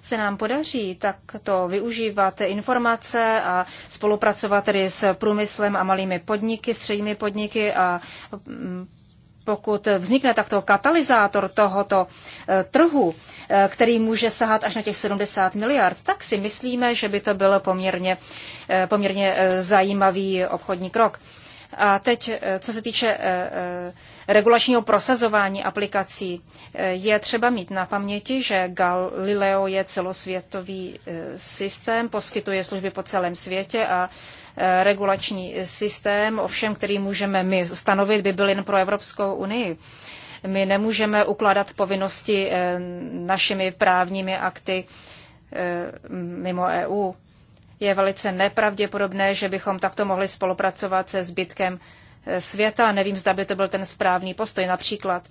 se nám podaří takto využívat informace a spolupracovat tedy s průmyslem a malými podniky, středními podniky a mm, pokud vznikne takto katalyzátor tohoto eh, trhu, eh, který může sahat až na těch 70 miliard, tak si myslíme, že by to byl poměrně, eh, poměrně zajímavý obchodní krok. A teď, co se týče regulačního prosazování aplikací, je třeba mít na paměti, že Galileo je celosvětový systém, poskytuje služby po celém světě a regulační systém, ovšem, který můžeme my stanovit, by byl jen pro Evropskou unii. My nemůžeme ukládat povinnosti eh, našimi právními akty eh, mimo EU. Je velice nepravděpodobné, že bychom takto mohli spolupracovat se zbytkem eh, světa. Nevím, zda by to byl ten správný postoj. Například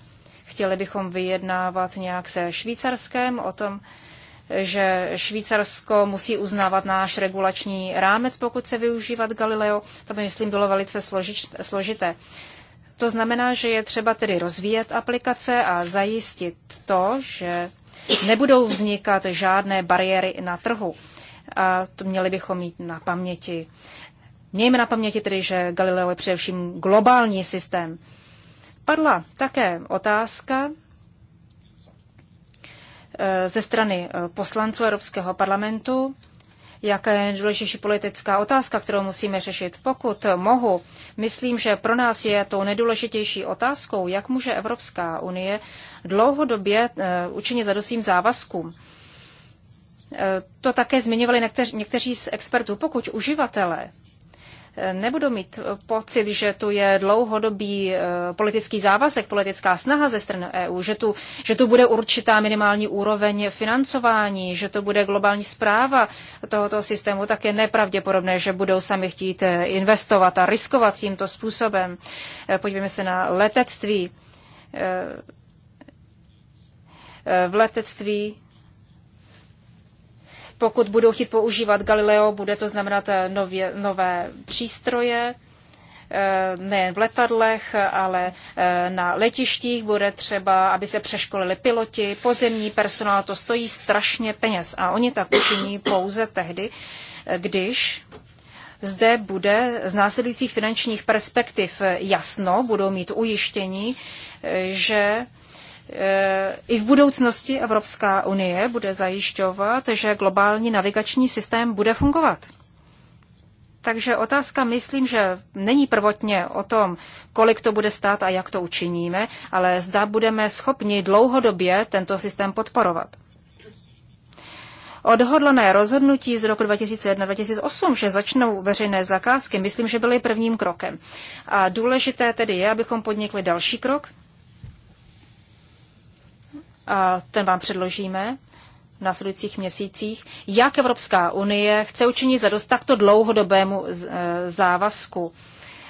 chtěli bychom vyjednávat nějak se Švýcarskem o tom, že Švýcarsko musí uznávat náš regulační rámec, pokud se využívat Galileo. To by, myslím, bylo velice složité. To znamená, že je třeba tedy rozvíjet aplikace a zajistit to, že nebudou vznikat žádné bariéry na trhu. A to měli bychom mít na paměti. Mějme na paměti tedy, že Galileo je především globální systém. Padla také otázka, Eh, ze strany eh, poslanců Evropského parlamentu, jaká je nejdůležitější politická otázka, kterou musíme řešit. Pokud mohu, myslím, že pro nás je tou nejdůležitější otázkou, jak může Evropská unie dlouhodobě eh, učinit zadosím závazkům. To také zmiňovali někteří z expertů. Pokud uživatelé nebudou mít pocit, že tu je dlouhodobý eh, politický závazek, politická snaha ze strany EU, že tu, že tu bude určitá minimální úroveň financování, že to bude globální zpráva tohoto systému, tak je nepravděpodobné, že budou sami chtít eh, investovat a riskovat tímto způsobem. Eh, podívejme se na letectví. V letectví pokud budou chtít používat Galileo, bude to znamenat eh, nově, nové přístroje, eh, nejen v letadlech, ale eh, na letištích bude třeba, aby se přeškolili piloti, pozemní personál, to stojí strašně peněz. A oni tak učiní pouze tehdy, když zde bude z následujících finančních perspektiv jasno, budou mít ujištění, že Eh, I v budoucnosti Evropská unie bude zajišťovat, že globální navigační systém bude fungovat. Takže otázka, myslím, že není prvotně o tom, kolik to bude stát a jak to učiníme, ale zda budeme schopni dlouhodobě tento systém podporovat. Odhodlané rozhodnutí z roku 2001-2008, že začnou veřejné zakázky, myslím, že byly prvním krokem. A důležité tedy je, abychom podnikli další krok, a ten vám předložíme v následujících měsících, jak Evropská unie chce učinit zadost takto dlouhodobému e, závazku,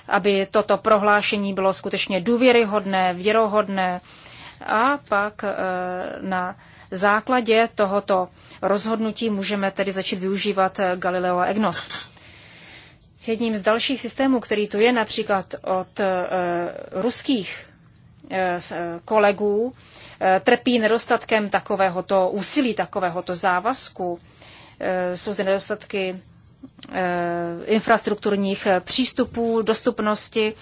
aby toto prohlášení bylo skutečně důvěryhodné, věrohodné a pak e, na základě tohoto rozhodnutí můžeme tedy začít využívat e, Galileo a EGNOS. Jedním z dalších systémů, který tu je například od ruských kolegů, Eh, trpí nedostatkem takovéhoto úsilí, takovéhoto závazku. Eh, jsou zde nedostatky eh, infrastrukturních přístupů, dostupnosti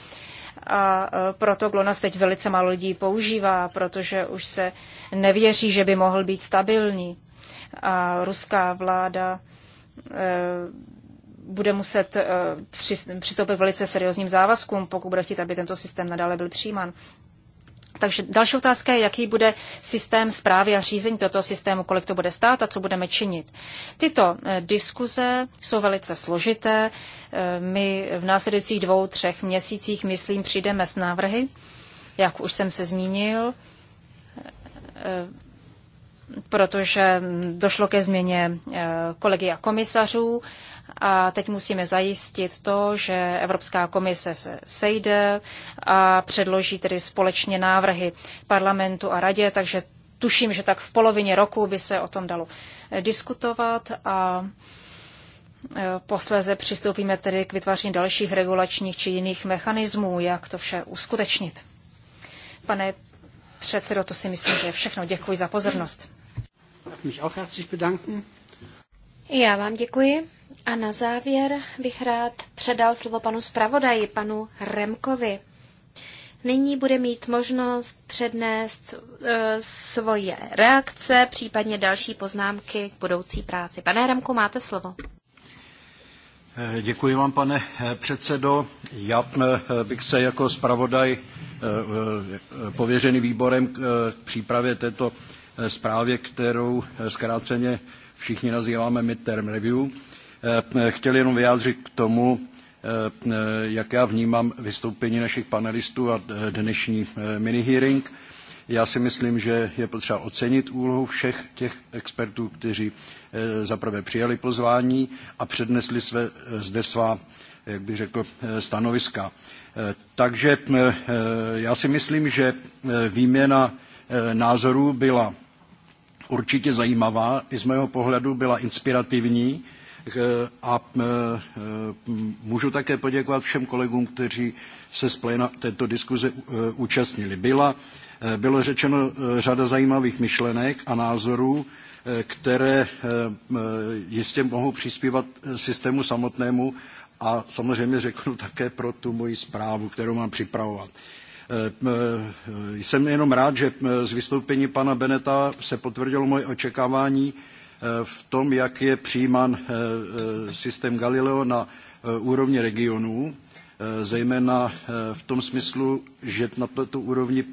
a proto GLONASS teď velice málo lidí používá, protože už se nevěří, že by mohl být stabilní. A ruská vláda bude muset přistoupit velice seriózním závazkům, pokud bude chtít, aby tento systém nadále byl přijímán. Takže další otázka je, jaký bude systém zprávy a řízení tohoto systému, kolik to bude stát a co budeme činit. Tyto eh, diskuze jsou velice složité. Eh, my v následujících dvou, třech měsících, myslím, přijdeme s návrhy, jak už jsem se zmínil eh, protože došlo ke změně eh, a komisařů a teď musíme zajistit to, že Evropská komise se sejde a předloží tedy společně návrhy parlamentu a radě, takže tuším, že tak v polovině roku by se o tom dalo eh, diskutovat a eh, posléze přistoupíme tedy k vytváření dalších regulačních či jiných mechanismů, jak to vše uskutečnit. Pane předsedo, to si myslím, že je všechno. Děkuji za pozornost mich auch herzlich bedanken. Já vám děkuji a na závěr bych rád předal slovo panu zpravodaji, panu Remkovi. Nyní bude mít možnost přednést e, svoje reakce, případně další poznámky k budoucí práci. Pane Remku, máte slovo. E, děkuji vám, pane e, předsedo. Já e, bych se jako zpravodaj pověřený výborem k přípravě této Eh, zprávě, kterou eh, zkráceně všichni nazýváme midterm review. Eh, chtěl jenom vyjádřit k tomu, jak já vnímám vystoupení našich panelistů a dnešní mini-hearing. Já si myslím, že je potřeba ocenit úlohu všech těch expertů, kteří zaprvé přijali pozvání a přednesli své, zde svá, jak bych řekl, stanoviska. Takže já si myslím, že výměna názorů byla určitě zajímavá, i z mého pohledu byla inspirativní eh, a eh, eh, můžu také poděkovat všem kolegům, kteří se z pléna této diskuze účastnili. Byla, bylo řečeno řada zajímavých myšlenek a názorů, které jistě mohou přispívat systému samotnému a samozřejmě řeknu také pro tu moji zprávu, kterou mám připravovat. Eh, eh, jsem jenom rád, že z vystoupení pana Beneta se potvrdilo moje očekávání eh, v tom, jak je přijímán systém Galileo na úrovni regionů, zejména v tom smyslu, že na této úrovni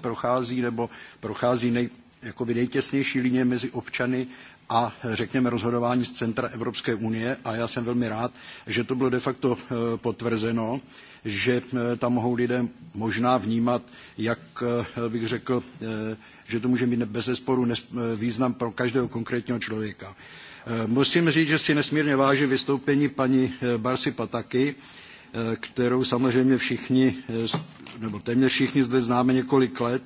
prochází nebo prochází nej, jakoby nejtěsnější linie mezi občany a řekněme rozhodování z centra Evropské unie a já jsem velmi rád, že to bylo de facto potvrzeno že eh, tam mohou lidé možná vnímat, jak eh, bych řekl, eh, že to může mít bez zesporu význam pro každého konkrétního člověka. Musím říct, že si nesmírně vážím vystoupení paní Barsi Pataky, kterou samozřejmě všichni, nebo téměř všichni zde známe několik let,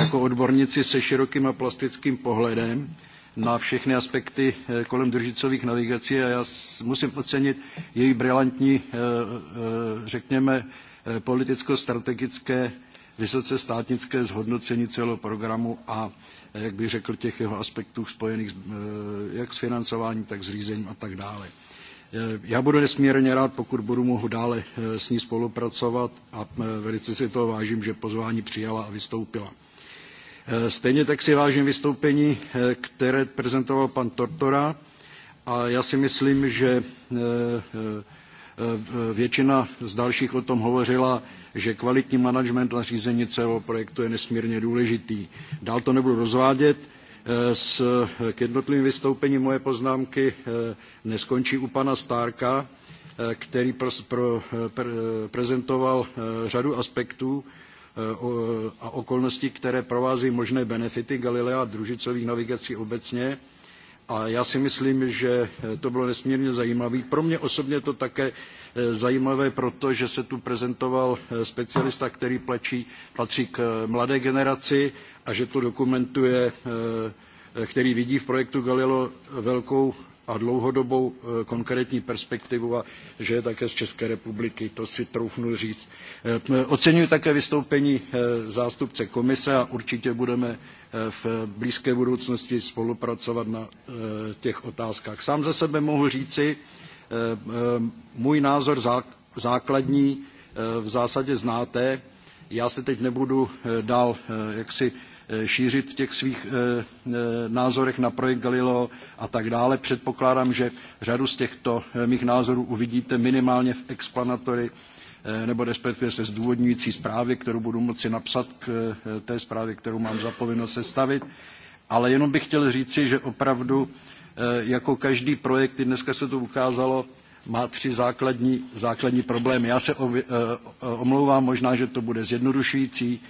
jako odbornici se širokým a plastickým pohledem na všechny aspekty eh, kolem držicových navigací a já musím ocenit její brilantní, eh, eh, řekněme, politicko-strategické, vysoce státnické zhodnocení celého programu a jak bych řekl, těch jeho aspektů spojených jak s financováním, tak s řízením a tak dále. Já budu nesmírně rád, pokud budu mohu dále s ní spolupracovat a velice si toho vážím, že pozvání přijala a vystoupila. Eh, stejně tak si vážím vystoupení, eh, které prezentoval pan Tortora a já si myslím, že eh, většina z dalších o tom hovořila, že kvalitní management a řízení celého projektu je nesmírně důležitý. Dál to nebudu rozvádět. S, k jednotlivým vystoupením moje poznámky neskončí u pana Stárka, který pro, pro, prezentoval řadu aspektů, Eh, a okolnosti, které provází možné benefity Galilea a družicových navigací obecně. A já si myslím, že eh, to bylo nesmírně zajímavé. Pro mě osobně to také eh, zajímavé, protože se tu prezentoval specialista, který plačí, patří k mladé generaci a že to dokumentuje Eh, který vidí v projektu Galileo eh, velkou a dlouhodobou eh, konkrétní perspektivu a že je také z České republiky, to si troufnu říct. Oceňuji také vystoupení zástupce komise a určitě budeme v blízké budoucnosti spolupracovat na těch otázkách. Sám za sebe mohu říci, můj názor základní v zásadě znáte. Já se teď nebudu dál jaksi Eh, šířit v těch svých eh, eh, názorech na projekt Galileo a tak dále. Předpokládám, že řadu z těchto mých názorů uvidíte minimálně v explanatory nebo respektive se zdůvodňující zprávy, kterou budu moci napsat k té zprávě, kterou mám za povinnost sestavit. Ale jenom bych chtěl říci, že opravdu jako každý projekt, i dneska se to ukázalo, má tři základní, základní problémy. Já se omlouvám, možná, že to bude zjednodušující,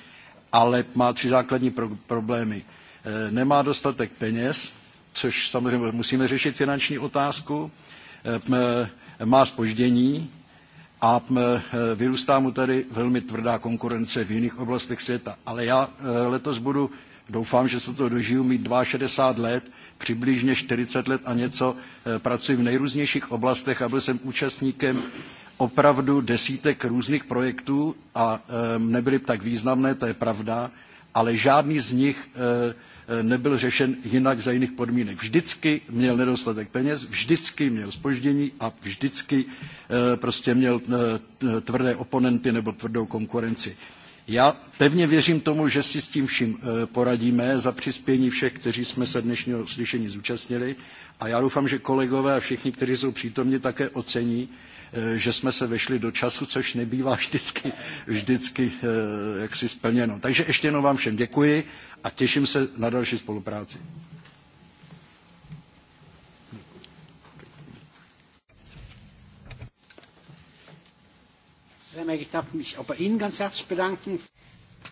ale má tři základní pro problémy. E, nemá dostatek peněz, což samozřejmě musíme řešit finanční otázku, e, e má spoždění a e, vyrůstá mu tady velmi tvrdá konkurence v jiných oblastech světa. Ale já e, letos budu, doufám, že se to dožiju, mít 62 let, přibližně 40 let a něco e, pracuji v nejrůznějších oblastech a byl jsem účastníkem opravdu desítek různých projektů a nebyly tak významné, to je pravda, ale žádný z nich e, e, nebyl řešen jinak za jiných podmínek. Vždycky měl nedostatek peněz, vždycky měl spoždění a vždycky e, prostě měl tvrdé oponenty nebo tvrdou konkurenci. Já pevně věřím tomu, že si s tím vším poradíme za přispění všech, kteří jsme se dnešního slyšení zúčastnili a já doufám, že kolegové a všichni, kteří jsou přítomni, také ocení, Eh, že jsme se vešli do času, což nebývá vždycky, vždycky eh, jaksi splněno. Takže ještě jednou vám všem děkuji a těším se na další spolupráci.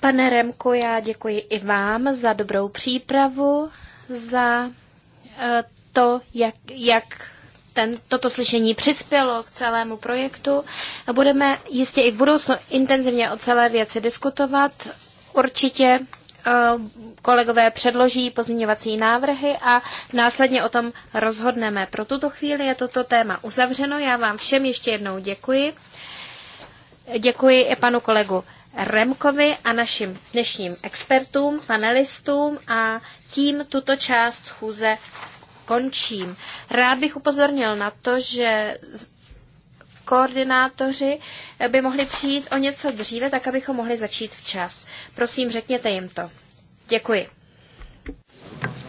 Pane Remko, já děkuji i vám za dobrou přípravu, za eh, to, jak, jak ten, toto slyšení přispělo k celému projektu. Budeme jistě i v budoucnu intenzivně o celé věci diskutovat. Určitě eh, kolegové předloží pozměňovací návrhy a následně o tom rozhodneme. Pro tuto chvíli je toto téma uzavřeno. Já vám všem ještě jednou děkuji. Děkuji i panu kolegu Remkovi a našim dnešním expertům, panelistům a tím tuto část schůze končím. Rád bych upozornil na to, že koordinátoři by mohli přijít o něco dříve, tak abychom mohli začít včas. Prosím, řekněte jim to. Děkuji.